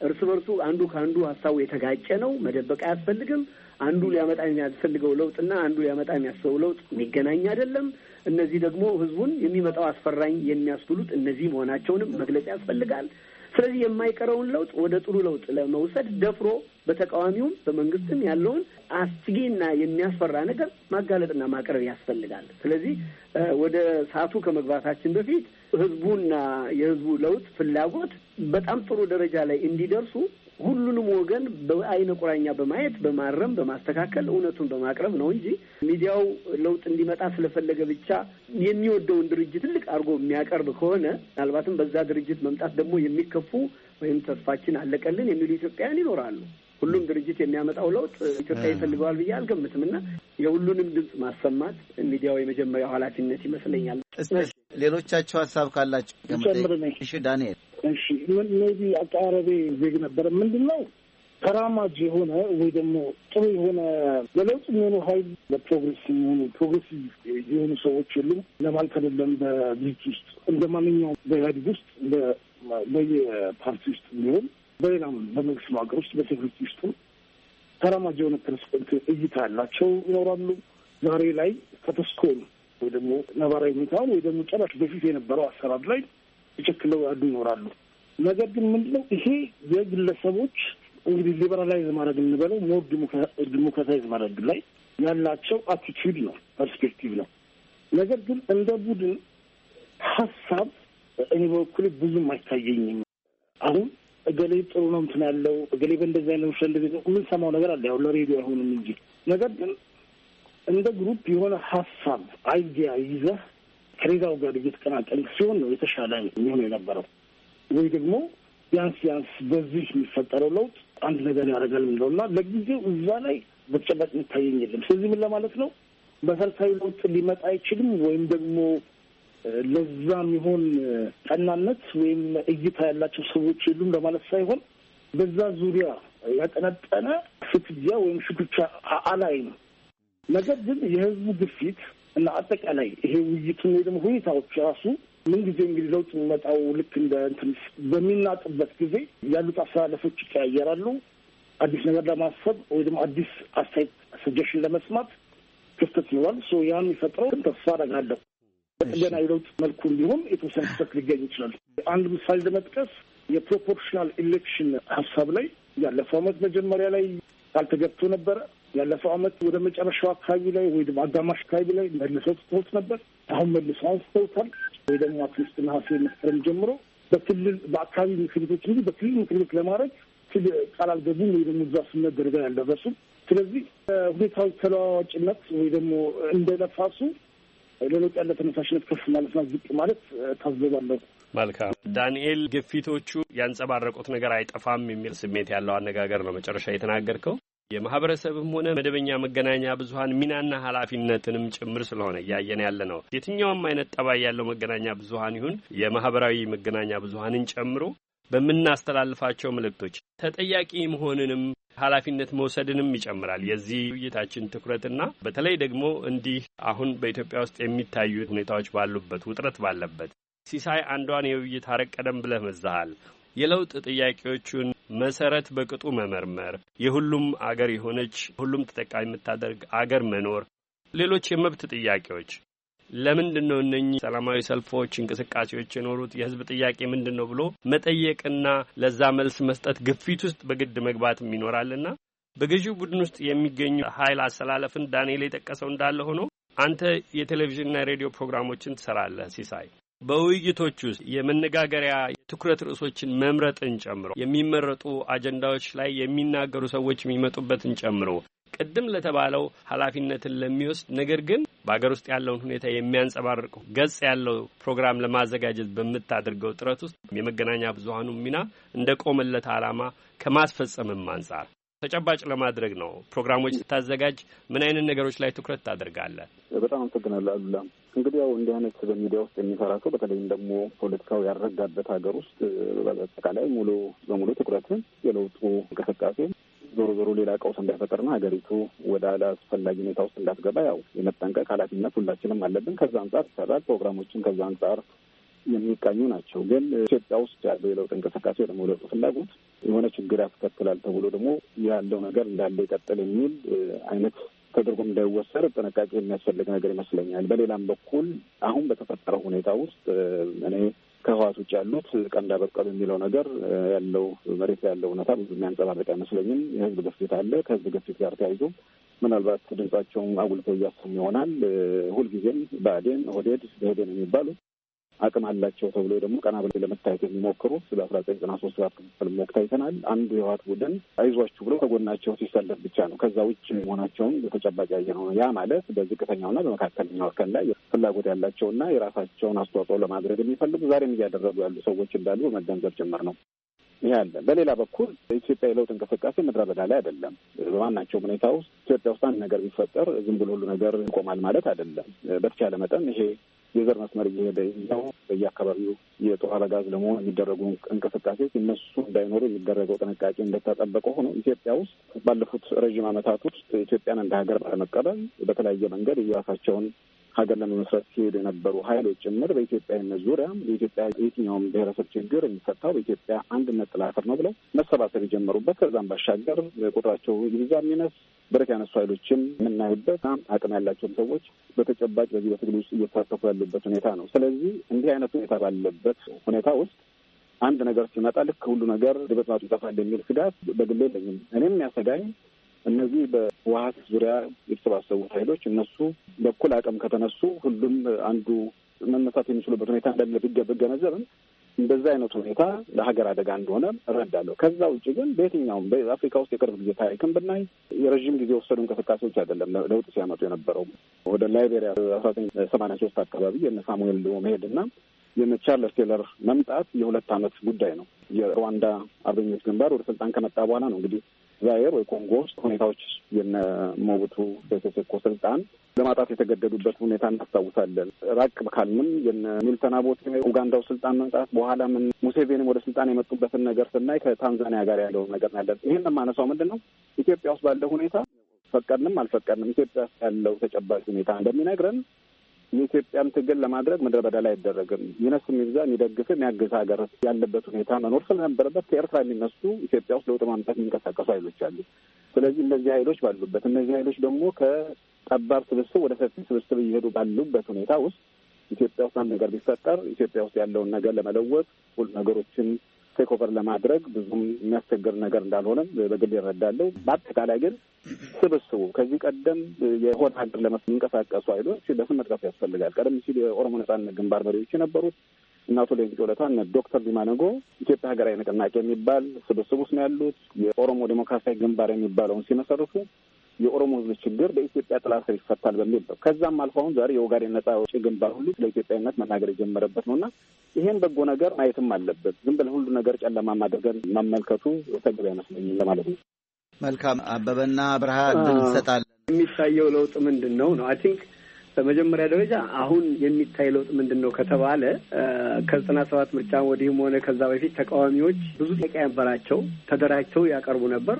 እርስ በርሱ አንዱ ከአንዱ ሀሳቡ የተጋጨ ነው። መደበቅ አያስፈልግም። አንዱ ሊያመጣ የሚያስፈልገው ለውጥና አንዱ ሊያመጣ የሚያስበው ለውጥ የሚገናኝ አይደለም። እነዚህ ደግሞ ህዝቡን የሚመጣው አስፈራኝ የሚያስብሉት እነዚህ መሆናቸውንም መግለጽ ያስፈልጋል። ስለዚህ የማይቀረውን ለውጥ ወደ ጥሩ ለውጥ ለመውሰድ ደፍሮ በተቃዋሚውም በመንግስትም ያለውን አስጊና የሚያስፈራ ነገር ማጋለጥና ማቅረብ ያስፈልጋል። ስለዚህ ወደ ሰዓቱ ከመግባታችን በፊት ህዝቡና የህዝቡ ለውጥ ፍላጎት በጣም ጥሩ ደረጃ ላይ እንዲደርሱ ሁሉንም ወገን በአይነ ቁራኛ በማየት በማረም በማስተካከል እውነቱን በማቅረብ ነው እንጂ ሚዲያው ለውጥ እንዲመጣ ስለፈለገ ብቻ የሚወደውን ድርጅት ትልቅ አድርጎ የሚያቀርብ ከሆነ ምናልባትም በዛ ድርጅት መምጣት ደግሞ የሚከፉ ወይም ተስፋችን አለቀልን የሚሉ ኢትዮጵያውያን ይኖራሉ። ሁሉም ድርጅት የሚያመጣው ለውጥ ኢትዮጵያ ይፈልገዋል ብዬ አልገምትም እና የሁሉንም ድምፅ ማሰማት ሚዲያው የመጀመሪያው ኃላፊነት ይመስለኛል። ሌሎቻቸው ሀሳብ ካላቸው እሺ ዳንኤል እሺ ሜቢ ቢ አቀራረቤ ዜግ ነበረ ምንድን ነው ተራማጅ የሆነ ወይ ደግሞ ጥሩ የሆነ ለለውጥ የሚሆኑ ሀይል ለፕሮግሬስ የሚሆኑ ፕሮግሬሲቭ የሆኑ ሰዎች የሉም ለማለት አይደለም። በድርጅት ውስጥ እንደ ማንኛውም በኢህአዴግ ውስጥ በየፓርቲ ውስጥ ቢሆን በሌላም በመንግስት ሀገር ውስጥ በሴኩሪቲ ውስጥ ተራማጅ የሆነ ፐርስፔክቲቭ እይታ ያላቸው ይኖራሉ። ዛሬ ላይ ስታተስ ወይ ደግሞ ነባራዊ ሁኔታውን ወይ ደግሞ ጨራሽ በፊት የነበረው አሰራር ላይ ተቸክለው ያዱ ይኖራሉ። ነገር ግን ምንድነው ይሄ የግለሰቦች እንግዲህ ሊበራላይዝ ማድረግ የምንበለው ሞር ዲሞክራታይዝ ማድረግ ላይ ያላቸው አቲቱድ ነው፣ ፐርስፔክቲቭ ነው። ነገር ግን እንደ ቡድን ሀሳብ እኔ በበኩሌ ብዙም አይታየኝም። አሁን እገሌ ጥሩ ነው እንትን ያለው እገሌ በእንደዚህ አይነት ውሸ እንደዚህ የምንሰማው ነገር አለ። ያው ለሬዲዮ አይሆንም እንጂ ነገር ግን እንደ ግሩፕ የሆነ ሀሳብ አይዲያ ይዘህ ከሌላው ጋር እየተቀናቀልክ ሲሆን ነው የተሻለ የሚሆነው የነበረው ወይ ደግሞ ቢያንስ ቢያንስ በዚህ የሚፈጠረው ለውጥ አንድ ነገር ያደርጋል የምለው እና ለጊዜው እዛ ላይ በተጨባጭ የሚታየኝ የለም። ስለዚህ ምን ለማለት ነው መሰረታዊ ለውጥ ሊመጣ አይችልም ወይም ደግሞ ለዛ የሚሆን ጠናነት ወይም እይታ ያላቸው ሰዎች የሉም ለማለት ሳይሆን በዛ ዙሪያ ያጠነጠነ ፍትጊያ ወይም ሽኩቻ አላይ ነው ነገር ግን የህዝቡ ግፊት እና አጠቃላይ ይሄ ውይይት ወይ ደግሞ ሁኔታዎች ራሱ ምንጊዜ እንግዲህ ለውጥ የሚመጣው ልክ እንደ እንትን በሚናጥበት ጊዜ ያሉት አስተላለፎች ይቀያየራሉ። አዲስ ነገር ለማሰብ ወይ ደግሞ አዲስ አስተያየት ሰጀሽን ለመስማት ክፍተት ይኖራል። ሶ ያ የሚፈጥረው ግን ተስፋ አደርጋለሁ በጥገና የለውጥ መልኩ እንዲሆን የተወሰነ ክፍተት ሊገኝ ይችላል። አንድ ምሳሌ ለመጥቀስ የፕሮፖርሽናል ኢሌክሽን ሀሳብ ላይ ያለፈው አመት መጀመሪያ ላይ አልተገብቶ ነበረ። ያለፈው አመት ወደ መጨረሻው አካባቢ ላይ ወይ ደግሞ አጋማሽ አካባቢ ላይ መልሰው ትተውት ነበር። አሁን መልሰው አንስተውታል። ወይ ደግሞ አትሊስት ነሐሴ መስከረም ጀምሮ በክልል በአካባቢ ምክር ቤቶች እንጂ በክልል ምክር ቤት ለማድረግ ስል ቃል አልገቡም ወይ ደግሞ እዛ ስነት ደረጃ ያልደረሱም። ስለዚህ ሁኔታዊ ተለዋዋጭነት ወይ ደግሞ እንደ ነፋሱ ለለውጥ ያለ ተነሳሽነት ከፍ ማለትና ዝቅ ማለት ታዘባለሁ። መልካም ዳንኤል፣ ግፊቶቹ ያንጸባረቁት ነገር አይጠፋም የሚል ስሜት ያለው አነጋገር ነው መጨረሻ የተናገርከው። የማህበረሰብም ሆነ መደበኛ መገናኛ ብዙሀን ሚናና ኃላፊነትንም ጭምር ስለሆነ እያየን ያለ ነው። የትኛውም አይነት ጠባይ ያለው መገናኛ ብዙሀን ይሁን የማህበራዊ መገናኛ ብዙሀንን ጨምሮ በምናስተላልፋቸው መልእክቶች ተጠያቂ መሆንንም ኃላፊነት መውሰድንም ይጨምራል። የዚህ ውይይታችን ትኩረትና በተለይ ደግሞ እንዲህ አሁን በኢትዮጵያ ውስጥ የሚታዩ ሁኔታዎች ባሉበት ውጥረት ባለበት ሲሳይ አንዷን የውይይት አረቅ ቀደም ብለህ መዛሃል። የለውጥ ጥያቄዎቹን መሰረት በቅጡ መመርመር፣ የሁሉም አገር የሆነች ሁሉም ተጠቃሚ የምታደርግ አገር መኖር፣ ሌሎች የመብት ጥያቄዎች ለምንድን ነው እነኚህ ሰላማዊ ሰልፎች፣ እንቅስቃሴዎች የኖሩት? የህዝብ ጥያቄ ምንድን ነው ብሎ መጠየቅና ለዛ መልስ መስጠት ግፊት ውስጥ በግድ መግባትም ይኖራልና በገዢው ቡድን ውስጥ የሚገኙ ኃይል አሰላለፍን ዳንኤል የጠቀሰው እንዳለ ሆኖ አንተ የቴሌቪዥንና የሬዲዮ ፕሮግራሞችን ትሰራለህ ሲሳይ በውይይቶች ውስጥ የመነጋገሪያ ትኩረት ርዕሶችን መምረጥን ጨምሮ የሚመረጡ አጀንዳዎች ላይ የሚናገሩ ሰዎች የሚመጡበትን ጨምሮ ቅድም ለተባለው ኃላፊነትን ለሚወስድ ነገር ግን በሀገር ውስጥ ያለውን ሁኔታ የሚያንጸባርቅ ገጽ ያለው ፕሮግራም ለማዘጋጀት በምታደርገው ጥረት ውስጥ የመገናኛ ብዙሀኑ ሚና እንደ ቆመለት ዓላማ ከማስፈጸምም አንጻር ተጨባጭ ለማድረግ ነው። ፕሮግራሞች ስታዘጋጅ ምን አይነት ነገሮች ላይ ትኩረት ታደርጋለህ? በጣም አመሰግናለሁ አሉላ። እንግዲህ ያው እንዲህ አይነት በሚዲያ ውስጥ የሚሰራ ሰው በተለይም ደግሞ ፖለቲካው ያረጋበት ሀገር ውስጥ በአጠቃላይ ሙሉ በሙሉ ትኩረትን የለውጡ እንቅስቃሴ ዞሮ ዞሮ ሌላ ቀውስ እንዳይፈጠርና ሀገሪቱ ወደ አላስፈላጊ ሁኔታ ውስጥ እንዳትገባ ያው የመጠንቀቅ ኃላፊነት ሁላችንም አለብን። ከዛ አንጻር ይሰራል። ፕሮግራሞችን ከዛ አንጻር የሚቃኙ ናቸው። ግን ኢትዮጵያ ውስጥ ያለው የለውጥ እንቅስቃሴ ደግሞ ለውጥ ፍላጎት የሆነ ችግር ያስከትላል ተብሎ ደግሞ ያለው ነገር እንዳለ ይቀጥል የሚል አይነት ተደርጎ እንዳይወሰድ ጥንቃቄ የሚያስፈልግ ነገር ይመስለኛል። በሌላም በኩል አሁን በተፈጠረው ሁኔታ ውስጥ እኔ ከህዋት ውጭ ያሉት ቀንዳ በቀሉ የሚለው ነገር ያለው መሬት ያለው እውነታ ብዙ የሚያንጸባርቅ አይመስለኝም። የህዝብ ግፊት አለ። ከህዝብ ግፊት ጋር ተያይዞ ምናልባት ድምጻቸውም አጉልተው እያሰሙ ይሆናል። ሁልጊዜም ብአዴን፣ ኦህዴድ፣ ኦህዴን የሚባሉት አቅም አላቸው ተብሎ ደግሞ ቀና ብለው ለመታየት የሚሞክሩ ስለ አስራ ዘጠኝ ዘጠና ሶስት ሰባት ክፍል ሞክታይተናል አንዱ የህዋት ቡድን አይዟችሁ ብሎ ከጎናቸው ሲሰለፍ ብቻ ነው። ከዛ ውጭ መሆናቸውን በተጨባጭ ያየ ነው። ያ ማለት በዝቅተኛውና በመካከለኛው እርከን ላይ ፍላጎት ያላቸውና የራሳቸውን አስተዋጽኦ ለማድረግ የሚፈልጉ ዛሬም እያደረጉ ያሉ ሰዎች እንዳሉ በመገንዘብ ጭምር ነው። ይህ አለ። በሌላ በኩል ኢትዮጵያ የለውጥ እንቅስቃሴ ምድረ በዳ ላይ አይደለም። በማናቸውም ሁኔታ ውስጥ ኢትዮጵያ ውስጥ አንድ ነገር ቢፈጠር ዝም ብሎ ሁሉ ነገር ይቆማል ማለት አይደለም። በተቻለ መጠን ይሄ የዘር መስመር እየሄደ ነው። በየአካባቢው የጦር አበጋዝ ለመሆን የሚደረጉ እንቅስቃሴዎች እነሱ እንዳይኖሩ የሚደረገው ጥንቃቄ እንደተጠበቀ ሆኖ ኢትዮጵያ ውስጥ ባለፉት ረዥም ዓመታት ውስጥ ኢትዮጵያን እንደ ሀገር ባለመቀበል በተለያየ መንገድ የራሳቸውን ሀገር ለመመስረት ሲሄዱ የነበሩ ሀይሎች ጭምር በኢትዮጵያዊነት ዙሪያ የኢትዮጵያ የትኛውም ብሔረሰብ ችግር የሚፈታው በኢትዮጵያ አንድነት ጥላ ስር ነው ብለው መሰባሰብ የጀመሩበት ከዛም ባሻገር ቁጥራቸው ይብዛ የሚነስ ብረት ያነሱ ሀይሎችን የምናይበት አቅም ያላቸውን ሰዎች በተጨባጭ በዚህ በትግል ውስጥ እየተሳተፉ ያሉበት ሁኔታ ነው። ስለዚህ እንዲህ አይነት ሁኔታ ባለበት ሁኔታ ውስጥ አንድ ነገር ሲመጣ ልክ ሁሉ ነገር ማጡ ይጠፋል የሚል ስጋት በግሌ የለኝም። እኔም የሚያሰጋኝ እነዚህ በህወሀት ዙሪያ የተሰባሰቡ ኃይሎች እነሱ በኩል አቅም ከተነሱ ሁሉም አንዱ መነሳት የሚችሉበት ሁኔታ እንደሌለ ብገነዘብም እንደዛ አይነት ሁኔታ ለሀገር አደጋ እንደሆነ እረዳለሁ። ከዛ ውጭ ግን በየትኛውም በአፍሪካ ውስጥ የቅርብ ጊዜ ታሪክም ብናይ የረዥም ጊዜ የወሰዱ እንቅስቃሴዎች አይደለም ለውጥ ሲያመጡ የነበረው ወደ ላይቤሪያ አስራ ዘጠኝ ሰማንያ ሶስት አካባቢ የነ ሳሙኤል መሄድ እና የነ ቻርለስ ቴለር መምጣት የሁለት አመት ጉዳይ ነው። የሩዋንዳ አርበኞች ግንባር ወደ ስልጣን ከመጣ በኋላ ነው እንግዲህ ዛየር ወይ ኮንጎ ውስጥ ሁኔታዎች የነ ሞቡቱ ሴሴ ሴኮ ስልጣን ለማጣት የተገደዱበት ሁኔታ እናስታውሳለን። ራቅ ካልንም የነ ሚልተን አቦቴ ኡጋንዳው ስልጣን መምጣት በኋላ ምን ሙሴቬኒም ወደ ስልጣን የመጡበትን ነገር ስናይ ከታንዛኒያ ጋር ያለውን ነገር ያለን ይህን የማነሳው ምንድን ነው ኢትዮጵያ ውስጥ ባለው ሁኔታ ፈቀድንም አልፈቀድንም ኢትዮጵያ ያለው ተጨባጭ ሁኔታ እንደሚነግረን የኢትዮጵያን ትግል ለማድረግ ምድረ በዳ ላይ አይደረግም። ይነስ የሚብዛ የሚደግፍ የሚያግዝ ሀገር ያለበት ሁኔታ መኖር ስለነበረበት ከኤርትራ የሚነሱ ኢትዮጵያ ውስጥ ለውጥ ማምጣት የሚንቀሳቀሱ ሀይሎች አሉ። ስለዚህ እነዚህ ሀይሎች ባሉበት እነዚህ ሀይሎች ደግሞ ከጠባብ ስብስብ ወደ ሰፊ ስብስብ እየሄዱ ባሉበት ሁኔታ ውስጥ ኢትዮጵያ ውስጥ አንድ ነገር ቢፈጠር ኢትዮጵያ ውስጥ ያለውን ነገር ለመለወጥ ሁሉ ነገሮችን ቴክ ኦቨር ለማድረግ ብዙም የሚያስቸግር ነገር እንዳልሆነም በግል ይረዳለሁ። በአጠቃላይ ግን ስብስቡ ከዚህ ቀደም የሆነ ሀገር ለመንቀሳቀሱ ኃይሎች በስም መጥቀስ ያስፈልጋል። ቀደም ሲል የኦሮሞ ነጻነት ግንባር መሪዎች የነበሩት እና አቶ ሌንጮ ለታ እነ ዶክተር ዲማነጎ ኢትዮጵያ ሀገራዊ ንቅናቄ የሚባል ስብስብ ውስጥ ነው ያሉት። የኦሮሞ ዴሞክራሲያዊ ግንባር የሚባለውን ሲመሰርቱ የኦሮሞ ህዝብ ችግር በኢትዮጵያ ጥላ ስር ይፈታል በሚል ነው። ከዛም አልፎ አሁን ዛሬ የኦጋዴን ነጻ አውጪ ግንባር ሁሉ ስለ ኢትዮጵያዊነት መናገር የጀመረበት ነው እና ይሄን በጎ ነገር ማየትም አለበት። ዝም ብለን ሁሉ ነገር ጨለማ አድርገን መመልከቱ ተገቢ አይመስለኝም ለማለት ነው። መልካም አበበና ድል ይሰጣል። የሚታየው ለውጥ ምንድን ነው ነው አይ ቲንክ በመጀመሪያ ደረጃ አሁን የሚታይ ለውጥ ምንድን ነው ከተባለ ከዘጠና ሰባት ምርጫ ወዲህም ሆነ ከዛ በፊት ተቃዋሚዎች ብዙ ጥያቄ ነበራቸው። ተደራጅተው ያቀርቡ ነበር።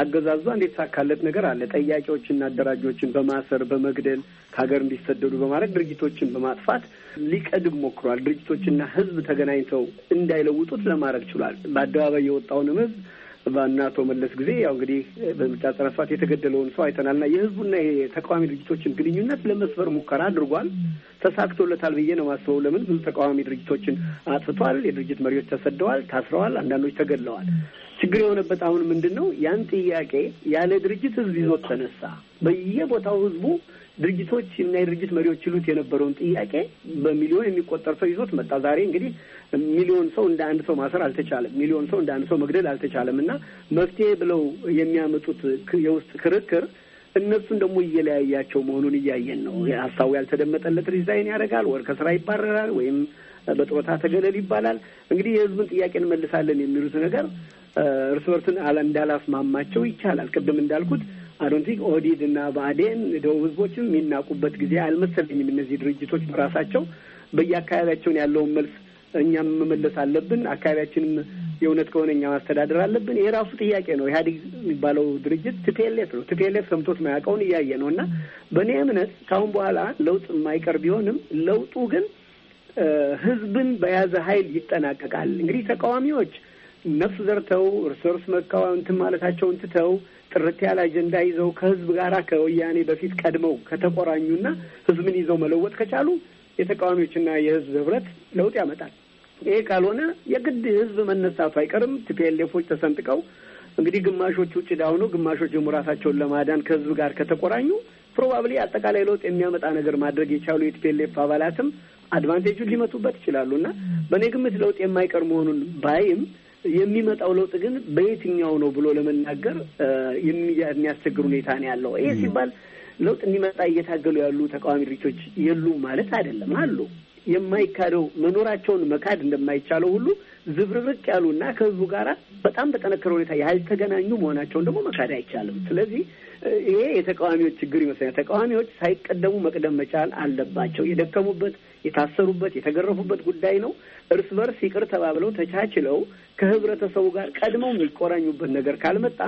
አገዛዙ አንድ የተሳካለት ነገር አለ። ጠያቂዎችና አደራጆችን በማሰር በመግደል ከሀገር እንዲሰደዱ በማድረግ ድርጅቶችን በማጥፋት ሊቀድም ሞክሯል። ድርጅቶችና ህዝብ ተገናኝተው እንዳይለውጡት ለማድረግ ችሏል። በአደባባይ የወጣውንም ህዝብ በእነ አቶ መለስ ጊዜ ያው እንግዲህ በምርጫ ጸረፋት የተገደለውን ሰው አይተናልና የህዝቡና የተቃዋሚ ድርጅቶችን ግንኙነት ለመስበር ሙከራ አድርጓል። ተሳክቶለታል ብዬ ነው ማስበው። ለምን ብዙ ተቃዋሚ ድርጅቶችን አጥፍቷል። የድርጅት መሪዎች ተሰደዋል፣ ታስረዋል፣ አንዳንዶች ተገድለዋል። ችግር የሆነበት አሁን ምንድን ነው? ያን ጥያቄ ያለ ድርጅት ህዝብ ይዞት ተነሳ። በየቦታው ህዝቡ ድርጅቶች እና የድርጅት መሪዎች ይሉት የነበረውን ጥያቄ በሚሊዮን የሚቆጠር ሰው ይዞት መጣ። ዛሬ እንግዲህ ሚሊዮን ሰው እንደ አንድ ሰው ማሰር አልተቻለም። ሚሊዮን ሰው እንደ አንድ ሰው መግደል አልተቻለም። እና መፍትሄ ብለው የሚያመጡት የውስጥ ክርክር እነሱን ደግሞ እየለያያቸው መሆኑን እያየን ነው። ሀሳቡ ያልተደመጠለት ሪዛይን ያደርጋል፣ ወር ከስራ ይባረራል፣ ወይም በጡረታ ተገለል ይባላል። እንግዲህ የህዝቡን ጥያቄ እንመልሳለን የሚሉት ነገር እርስ በርስን እንዳላስማማቸው ይቻላል። ቅድም እንዳልኩት አዶንቲክ ኦህዴድ እና ብአዴን ደቡብ ህዝቦችም የሚናቁበት ጊዜ አልመሰለኝም። እነዚህ ድርጅቶች በራሳቸው በየአካባቢያቸውን ያለውን መልስ እኛም መመለስ አለብን፣ አካባቢያችንም የእውነት ከሆነ እኛ ማስተዳደር አለብን። ይሄ ራሱ ጥያቄ ነው። ኢህአዴግ የሚባለው ድርጅት ትፔሌፍ ነው። ትፔሌፍ ሰምቶት ማያውቀውን እያየ ነው እና በእኔ እምነት ከአሁን በኋላ ለውጥ የማይቀር ቢሆንም ለውጡ ግን ህዝብን በያዘ ኃይል ይጠናቀቃል። እንግዲህ ተቃዋሚዎች ነፍስ ዘርተው እርስ በርስ መቃወም እንትን ማለታቸውን ትተው ጥርት ያለ አጀንዳ ይዘው ከህዝብ ጋር ከወያኔ በፊት ቀድመው ከተቆራኙና ህዝብን ይዘው መለወጥ ከቻሉ የተቃዋሚዎችና የህዝብ ህብረት ለውጥ ያመጣል። ይሄ ካልሆነ የግድ ህዝብ መነሳቱ አይቀርም። ቲፒኤልኤፎች ተሰንጥቀው እንግዲህ ግማሾች ውጭ ዳሆነው ግማሾች ደግሞ ራሳቸውን ለማዳን ከህዝብ ጋር ከተቆራኙ ፕሮባብሊ አጠቃላይ ለውጥ የሚያመጣ ነገር ማድረግ የቻሉ የቲፒኤልኤፍ አባላትም አድቫንቴጁን ሊመቱበት ይችላሉ እና በእኔ ግምት ለውጥ የማይቀር መሆኑን ባይም የሚመጣው ለውጥ ግን በየትኛው ነው ብሎ ለመናገር የሚያስቸግር ሁኔታ ነው ያለው። ይሄ ሲባል ለውጥ እንዲመጣ እየታገሉ ያሉ ተቃዋሚ ድርጅቶች የሉም ማለት አይደለም። አሉ። የማይካደው መኖራቸውን መካድ እንደማይቻለው ሁሉ ዝብርርቅ ያሉና ከህዝቡ ጋር በጣም በጠነከረ ሁኔታ ያልተገናኙ መሆናቸውን ደግሞ መካድ አይቻልም። ስለዚህ ይሄ የተቃዋሚዎች ችግር ይመስለኛል። ተቃዋሚዎች ሳይቀደሙ መቅደም መቻል አለባቸው። የደከሙበት፣ የታሰሩበት፣ የተገረፉበት ጉዳይ ነው። እርስ በርስ ይቅር ተባብለው ተቻችለው ከህብረተሰቡ ጋር ቀድመው የሚቆራኙበት ነገር ካልመጣ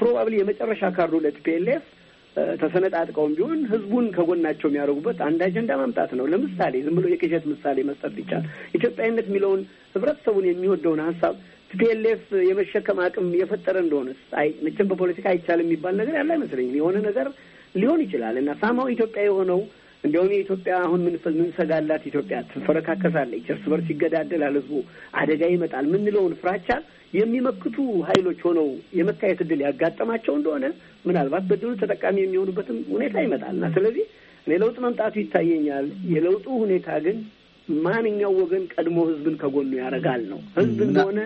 ፕሮባብሊ የመጨረሻ ካርዱ ለቲፒኤልኤፍ ተሰነጣጥቀውም ቢሆን ህዝቡን ከጎናቸው የሚያደርጉበት አንድ አጀንዳ ማምጣት ነው። ለምሳሌ ዝም ብሎ የቅዠት ምሳሌ መስጠት ይቻል። ኢትዮጵያዊነት የሚለውን ህብረተሰቡን የሚወደውን ሀሳብ ቲፒኤልኤፍ የመሸከም አቅም የፈጠረ እንደሆነስ አይ መቼም በፖለቲካ አይቻልም የሚባል ነገር ያለ አይመስለኝም። የሆነ ነገር ሊሆን ይችላል እና ሳማው ኢትዮጵያ የሆነው እንዲሁም የኢትዮጵያ አሁን ምንሰጋላት ኢትዮጵያ ትፈረካከሳለች፣ እርስ በርስ ይገዳደላል ህዝቡ፣ አደጋ ይመጣል ምንለውን ፍራቻ የሚመክቱ ኃይሎች ሆነው የመታየት እድል ያጋጠማቸው እንደሆነ ምናልባት በድሉ ተጠቃሚ የሚሆኑበትም ሁኔታ እና ስለዚህ እኔ ለውጥ መምጣቱ ይታየኛል። የለውጡ ሁኔታ ግን ማንኛው ወገን ቀድሞ ህዝብን ከጎኑ ያደርጋል ነው። ህዝብ እንደሆነ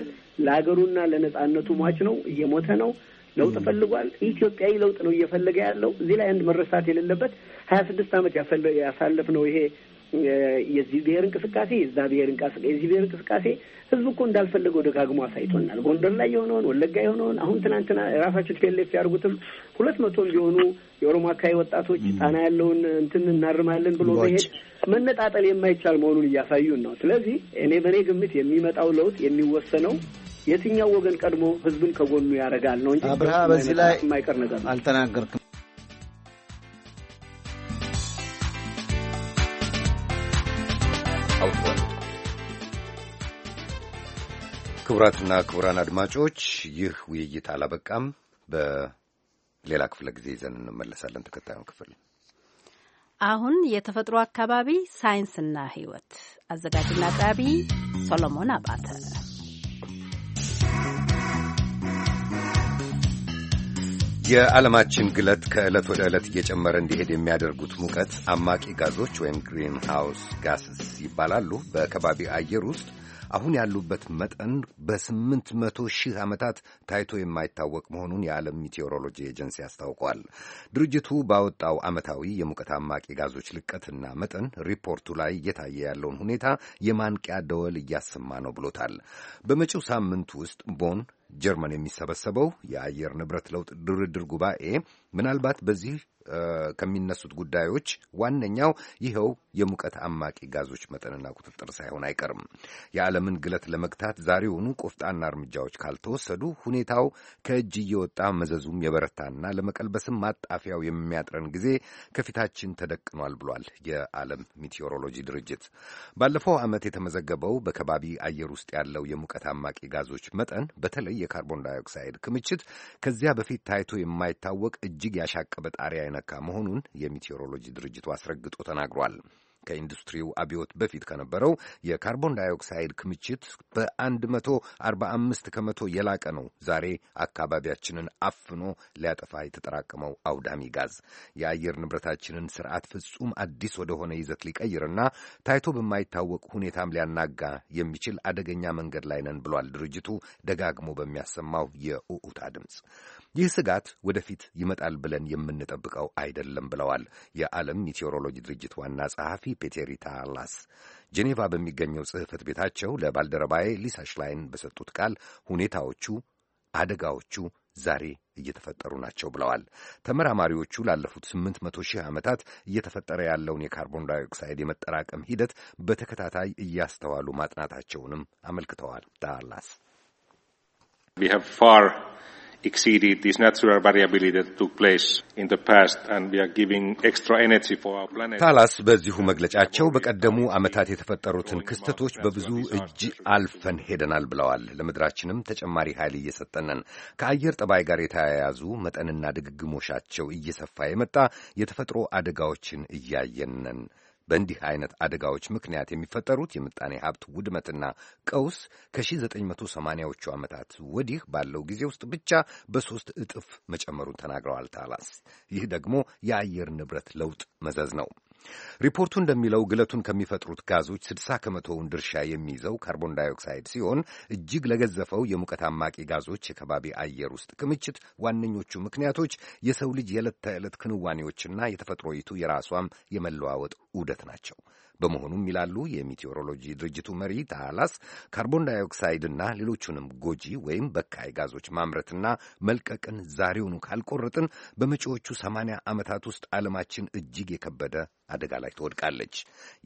ለሀገሩና ለነጻነቱ ሟች ነው፣ እየሞተ ነው። ለውጥ ፈልጓል። ኢትዮጵያዊ ለውጥ ነው እየፈለገ ያለው። እዚህ ላይ አንድ መረሳት የሌለበት ሀያ ስድስት አመት ነው። ይሄ የዚህ ብሔር እንቅስቃሴ የዛ ብሔር እንቅስቃሴ የዚህ ብሔር እንቅስቃሴ ህዝቡ እኮ እንዳልፈለገው ደጋግሞ አሳይቶናል። ጎንደር ላይ የሆነውን ወለጋ የሆነውን አሁን ትናንትና ራሳቸው ቴሌፍ ያደርጉትም ሁለት መቶ እንዲሆኑ የኦሮሞ አካባቢ ወጣቶች ጣና ያለውን እንትን እናርማለን ብሎ መሄድ መነጣጠል የማይቻል መሆኑን እያሳዩን ነው። ስለዚህ እኔ በእኔ ግምት የሚመጣው ለውጥ የሚወሰነው የትኛው ወገን ቀድሞ ህዝብን ከጎኑ ያደርጋል ነው እንጂ አብርሃ በዚህ ላይ የማይቀር ነገር አልተናገርክም። ክቡራትና ክቡራን አድማጮች ይህ ውይይት አላበቃም። በሌላ ክፍለ ጊዜ ይዘን እንመለሳለን። ተከታዩን ክፍል አሁን የተፈጥሮ አካባቢ ሳይንስና ሕይወት አዘጋጅና አቅራቢ ሶሎሞን አባተ የዓለማችን ግለት ከዕለት ወደ ዕለት እየጨመረ እንዲሄድ የሚያደርጉት ሙቀት አማቂ ጋዞች ወይም ግሪን ሃውስ ጋስስ ይባላሉ። በከባቢ አየር ውስጥ አሁን ያሉበት መጠን በስምንት መቶ ሺህ ዓመታት ታይቶ የማይታወቅ መሆኑን የዓለም ሚቴዎሮሎጂ ኤጀንሲ አስታውቋል። ድርጅቱ ባወጣው ዓመታዊ የሙቀት አማቂ ጋዞች ልቀትና መጠን ሪፖርቱ ላይ እየታየ ያለውን ሁኔታ የማንቂያ ደወል እያሰማ ነው ብሎታል። በመጪው ሳምንት ውስጥ ቦን ጀርመን የሚሰበሰበው የአየር ንብረት ለውጥ ድርድር ጉባኤ ምናልባት በዚህ ከሚነሱት ጉዳዮች ዋነኛው ይኸው የሙቀት አማቂ ጋዞች መጠንና ቁጥጥር ሳይሆን አይቀርም። የዓለምን ግለት ለመግታት ዛሬውኑ ቆፍጣና እርምጃዎች ካልተወሰዱ ሁኔታው ከእጅ እየወጣ መዘዙም የበረታና ለመቀልበስም ማጣፊያው የሚያጥረን ጊዜ ከፊታችን ተደቅኗል ብሏል የዓለም ሚቴዎሮሎጂ ድርጅት። ባለፈው ዓመት የተመዘገበው በከባቢ አየር ውስጥ ያለው የሙቀት አማቂ ጋዞች መጠን በተለይ የካርቦን ዳይኦክሳይድ ክምችት ከዚያ በፊት ታይቶ የማይታወቅ እጅግ ያሻቀበ ጣሪያ የነካ መሆኑን የሚቴዎሮሎጂ ድርጅቱ አስረግጦ ተናግሯል። ከኢንዱስትሪው አብዮት በፊት ከነበረው የካርቦን ዳይኦክሳይድ ክምችት በ145 ከመቶ የላቀ ነው። ዛሬ አካባቢያችንን አፍኖ ሊያጠፋ የተጠራቀመው አውዳሚ ጋዝ የአየር ንብረታችንን ስርዓት ፍጹም አዲስ ወደሆነ ይዘት ሊቀይርና ታይቶ በማይታወቅ ሁኔታም ሊያናጋ የሚችል አደገኛ መንገድ ላይ ነን ብሏል ድርጅቱ ደጋግሞ በሚያሰማው የኡኡታ ድምፅ። ይህ ስጋት ወደፊት ይመጣል ብለን የምንጠብቀው አይደለም ብለዋል የዓለም ሜቴዎሮሎጂ ድርጅት ዋና ጸሐፊ ፔቴሪታ ታላስ ጄኔቫ በሚገኘው ጽሕፈት ቤታቸው ለባልደረባዬ ሊሳ ሽላይን በሰጡት ቃል ሁኔታዎቹ፣ አደጋዎቹ ዛሬ እየተፈጠሩ ናቸው ብለዋል። ተመራማሪዎቹ ላለፉት ስምንት መቶ ሺህ ዓመታት እየተፈጠረ ያለውን የካርቦን ዳይኦክሳይድ የመጠራቀም ሂደት በተከታታይ እያስተዋሉ ማጥናታቸውንም አመልክተዋል። ዳላስ exceeded this natural variability that took place in the past and we are giving extra energy for our planet. ታላስ በዚሁ መግለጫቸው በቀደሙ ዓመታት የተፈጠሩትን ክስተቶች በብዙ እጅ አልፈን ሄደናል ብለዋል። ለምድራችንም ተጨማሪ ኃይል እየሰጠነን ከአየር ጠባይ ጋር የተያያዙ መጠንና ድግግሞሻቸው እየሰፋ የመጣ የተፈጥሮ አደጋዎችን እያየንን። በእንዲህ አይነት አደጋዎች ምክንያት የሚፈጠሩት የምጣኔ ሀብት ውድመትና ቀውስ ከ1980ዎቹ ዓመታት ወዲህ ባለው ጊዜ ውስጥ ብቻ በሦስት እጥፍ መጨመሩን ተናግረዋል ታላስ። ይህ ደግሞ የአየር ንብረት ለውጥ መዘዝ ነው። ሪፖርቱ እንደሚለው ግለቱን ከሚፈጥሩት ጋዞች ስድሳ ከመቶውን ድርሻ የሚይዘው ካርቦን ዳይኦክሳይድ ሲሆን እጅግ ለገዘፈው የሙቀት አማቂ ጋዞች የከባቢ አየር ውስጥ ክምችት ዋነኞቹ ምክንያቶች የሰው ልጅ የዕለት ተዕለት ክንዋኔዎችና የተፈጥሮይቱ የራሷም የመለዋወጥ ዑደት ናቸው። በመሆኑም ይላሉ የሚቴዎሮሎጂ ድርጅቱ መሪ ታህላስ ካርቦን ዳይኦክሳይድና ሌሎቹንም ጎጂ ወይም በካይ ጋዞች ማምረትና መልቀቅን ዛሬውኑ ካልቆረጥን በመጪዎቹ ሰማንያ ዓመታት ውስጥ ዓለማችን እጅግ የከበደ አደጋ ላይ ትወድቃለች።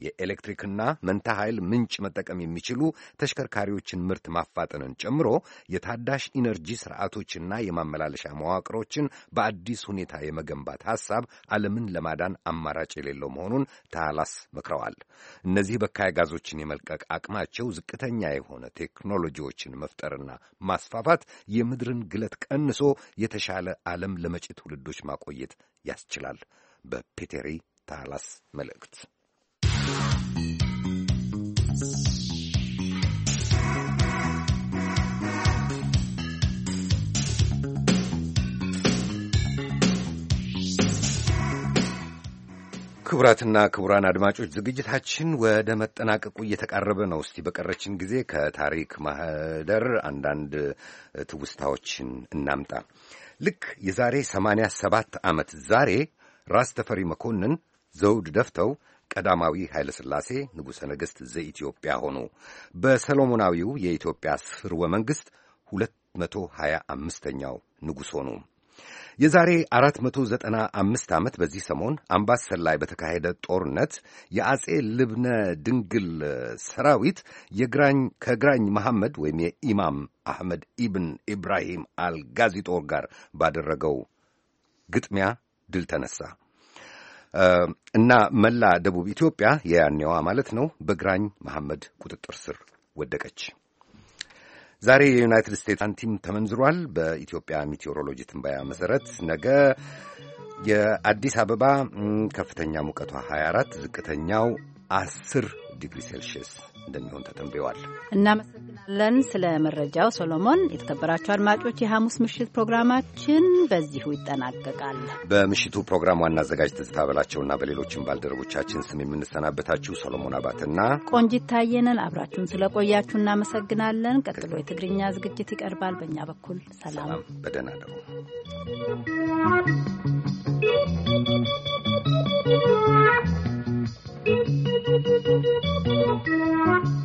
የኤሌክትሪክና መንታ ኃይል ምንጭ መጠቀም የሚችሉ ተሽከርካሪዎችን ምርት ማፋጠንን ጨምሮ የታዳሽ ኢነርጂ ስርዓቶችና የማመላለሻ መዋቅሮችን በአዲስ ሁኔታ የመገንባት ሐሳብ ዓለምን ለማዳን አማራጭ የሌለው መሆኑን ታላስ መክረዋል። እነዚህ በካይ ጋዞችን የመልቀቅ አቅማቸው ዝቅተኛ የሆነ ቴክኖሎጂዎችን መፍጠርና ማስፋፋት የምድርን ግለት ቀንሶ የተሻለ ዓለም ለመጪ ትውልዶች ማቆየት ያስችላል። በፔቴሪ ታላስ መልእክት ክቡራትና ክቡራን አድማጮች ዝግጅታችን ወደ መጠናቀቁ እየተቃረበ ነው። እስቲ በቀረችን ጊዜ ከታሪክ ማህደር አንዳንድ ትውስታዎችን እናምጣ። ልክ የዛሬ ሰባት ዓመት ዛሬ ራስ ተፈሪ መኮንን ዘውድ ደፍተው ቀዳማዊ ኃይለ ሥላሴ ንጉሠ ነገሥት ዘኢትዮጵያ ሆኑ። በሰሎሞናዊው የኢትዮጵያ ስርወ መንግሥት ሁለት መቶ ሃያ አምስተኛው ንጉሥ ሆኑ። የዛሬ 495 ዓመት በዚህ ሰሞን አምባሰል ላይ በተካሄደ ጦርነት የአጼ ልብነ ድንግል ሰራዊት የግራኝ ከግራኝ መሐመድ ወይም የኢማም አህመድ ኢብን ኢብራሂም አልጋዚ ጦር ጋር ባደረገው ግጥሚያ ድል ተነሳ እና መላ ደቡብ ኢትዮጵያ የያኔዋ ማለት ነው በግራኝ መሐመድ ቁጥጥር ስር ወደቀች። ዛሬ የዩናይትድ ስቴትስ ሳንቲም ተመንዝሯል። በኢትዮጵያ ሚቴዎሮሎጂ ትንበያ መሠረት ነገ የአዲስ አበባ ከፍተኛ ሙቀቷ 24፣ ዝቅተኛው አስር ዲግሪ ሴልሽየስ እንደሚሆን ተጠንብዋል። እናመሰግናለን ስለ መረጃው ሶሎሞን። የተከበራቸው አድማጮች የሐሙስ ምሽት ፕሮግራማችን በዚሁ ይጠናቀቃል። በምሽቱ ፕሮግራም ዋና አዘጋጅ ትዝታ በላቸውና በሌሎችም ባልደረቦቻችን ስም የምንሰናበታችሁ ሶሎሞን አባትና ቆንጂት ታየነን አብራችሁን ስለቆያችሁ እናመሰግናለን። ቀጥሎ የትግርኛ ዝግጅት ይቀርባል። በእኛ በኩል ሰላም፣ በደህና ደሩ። Thank you.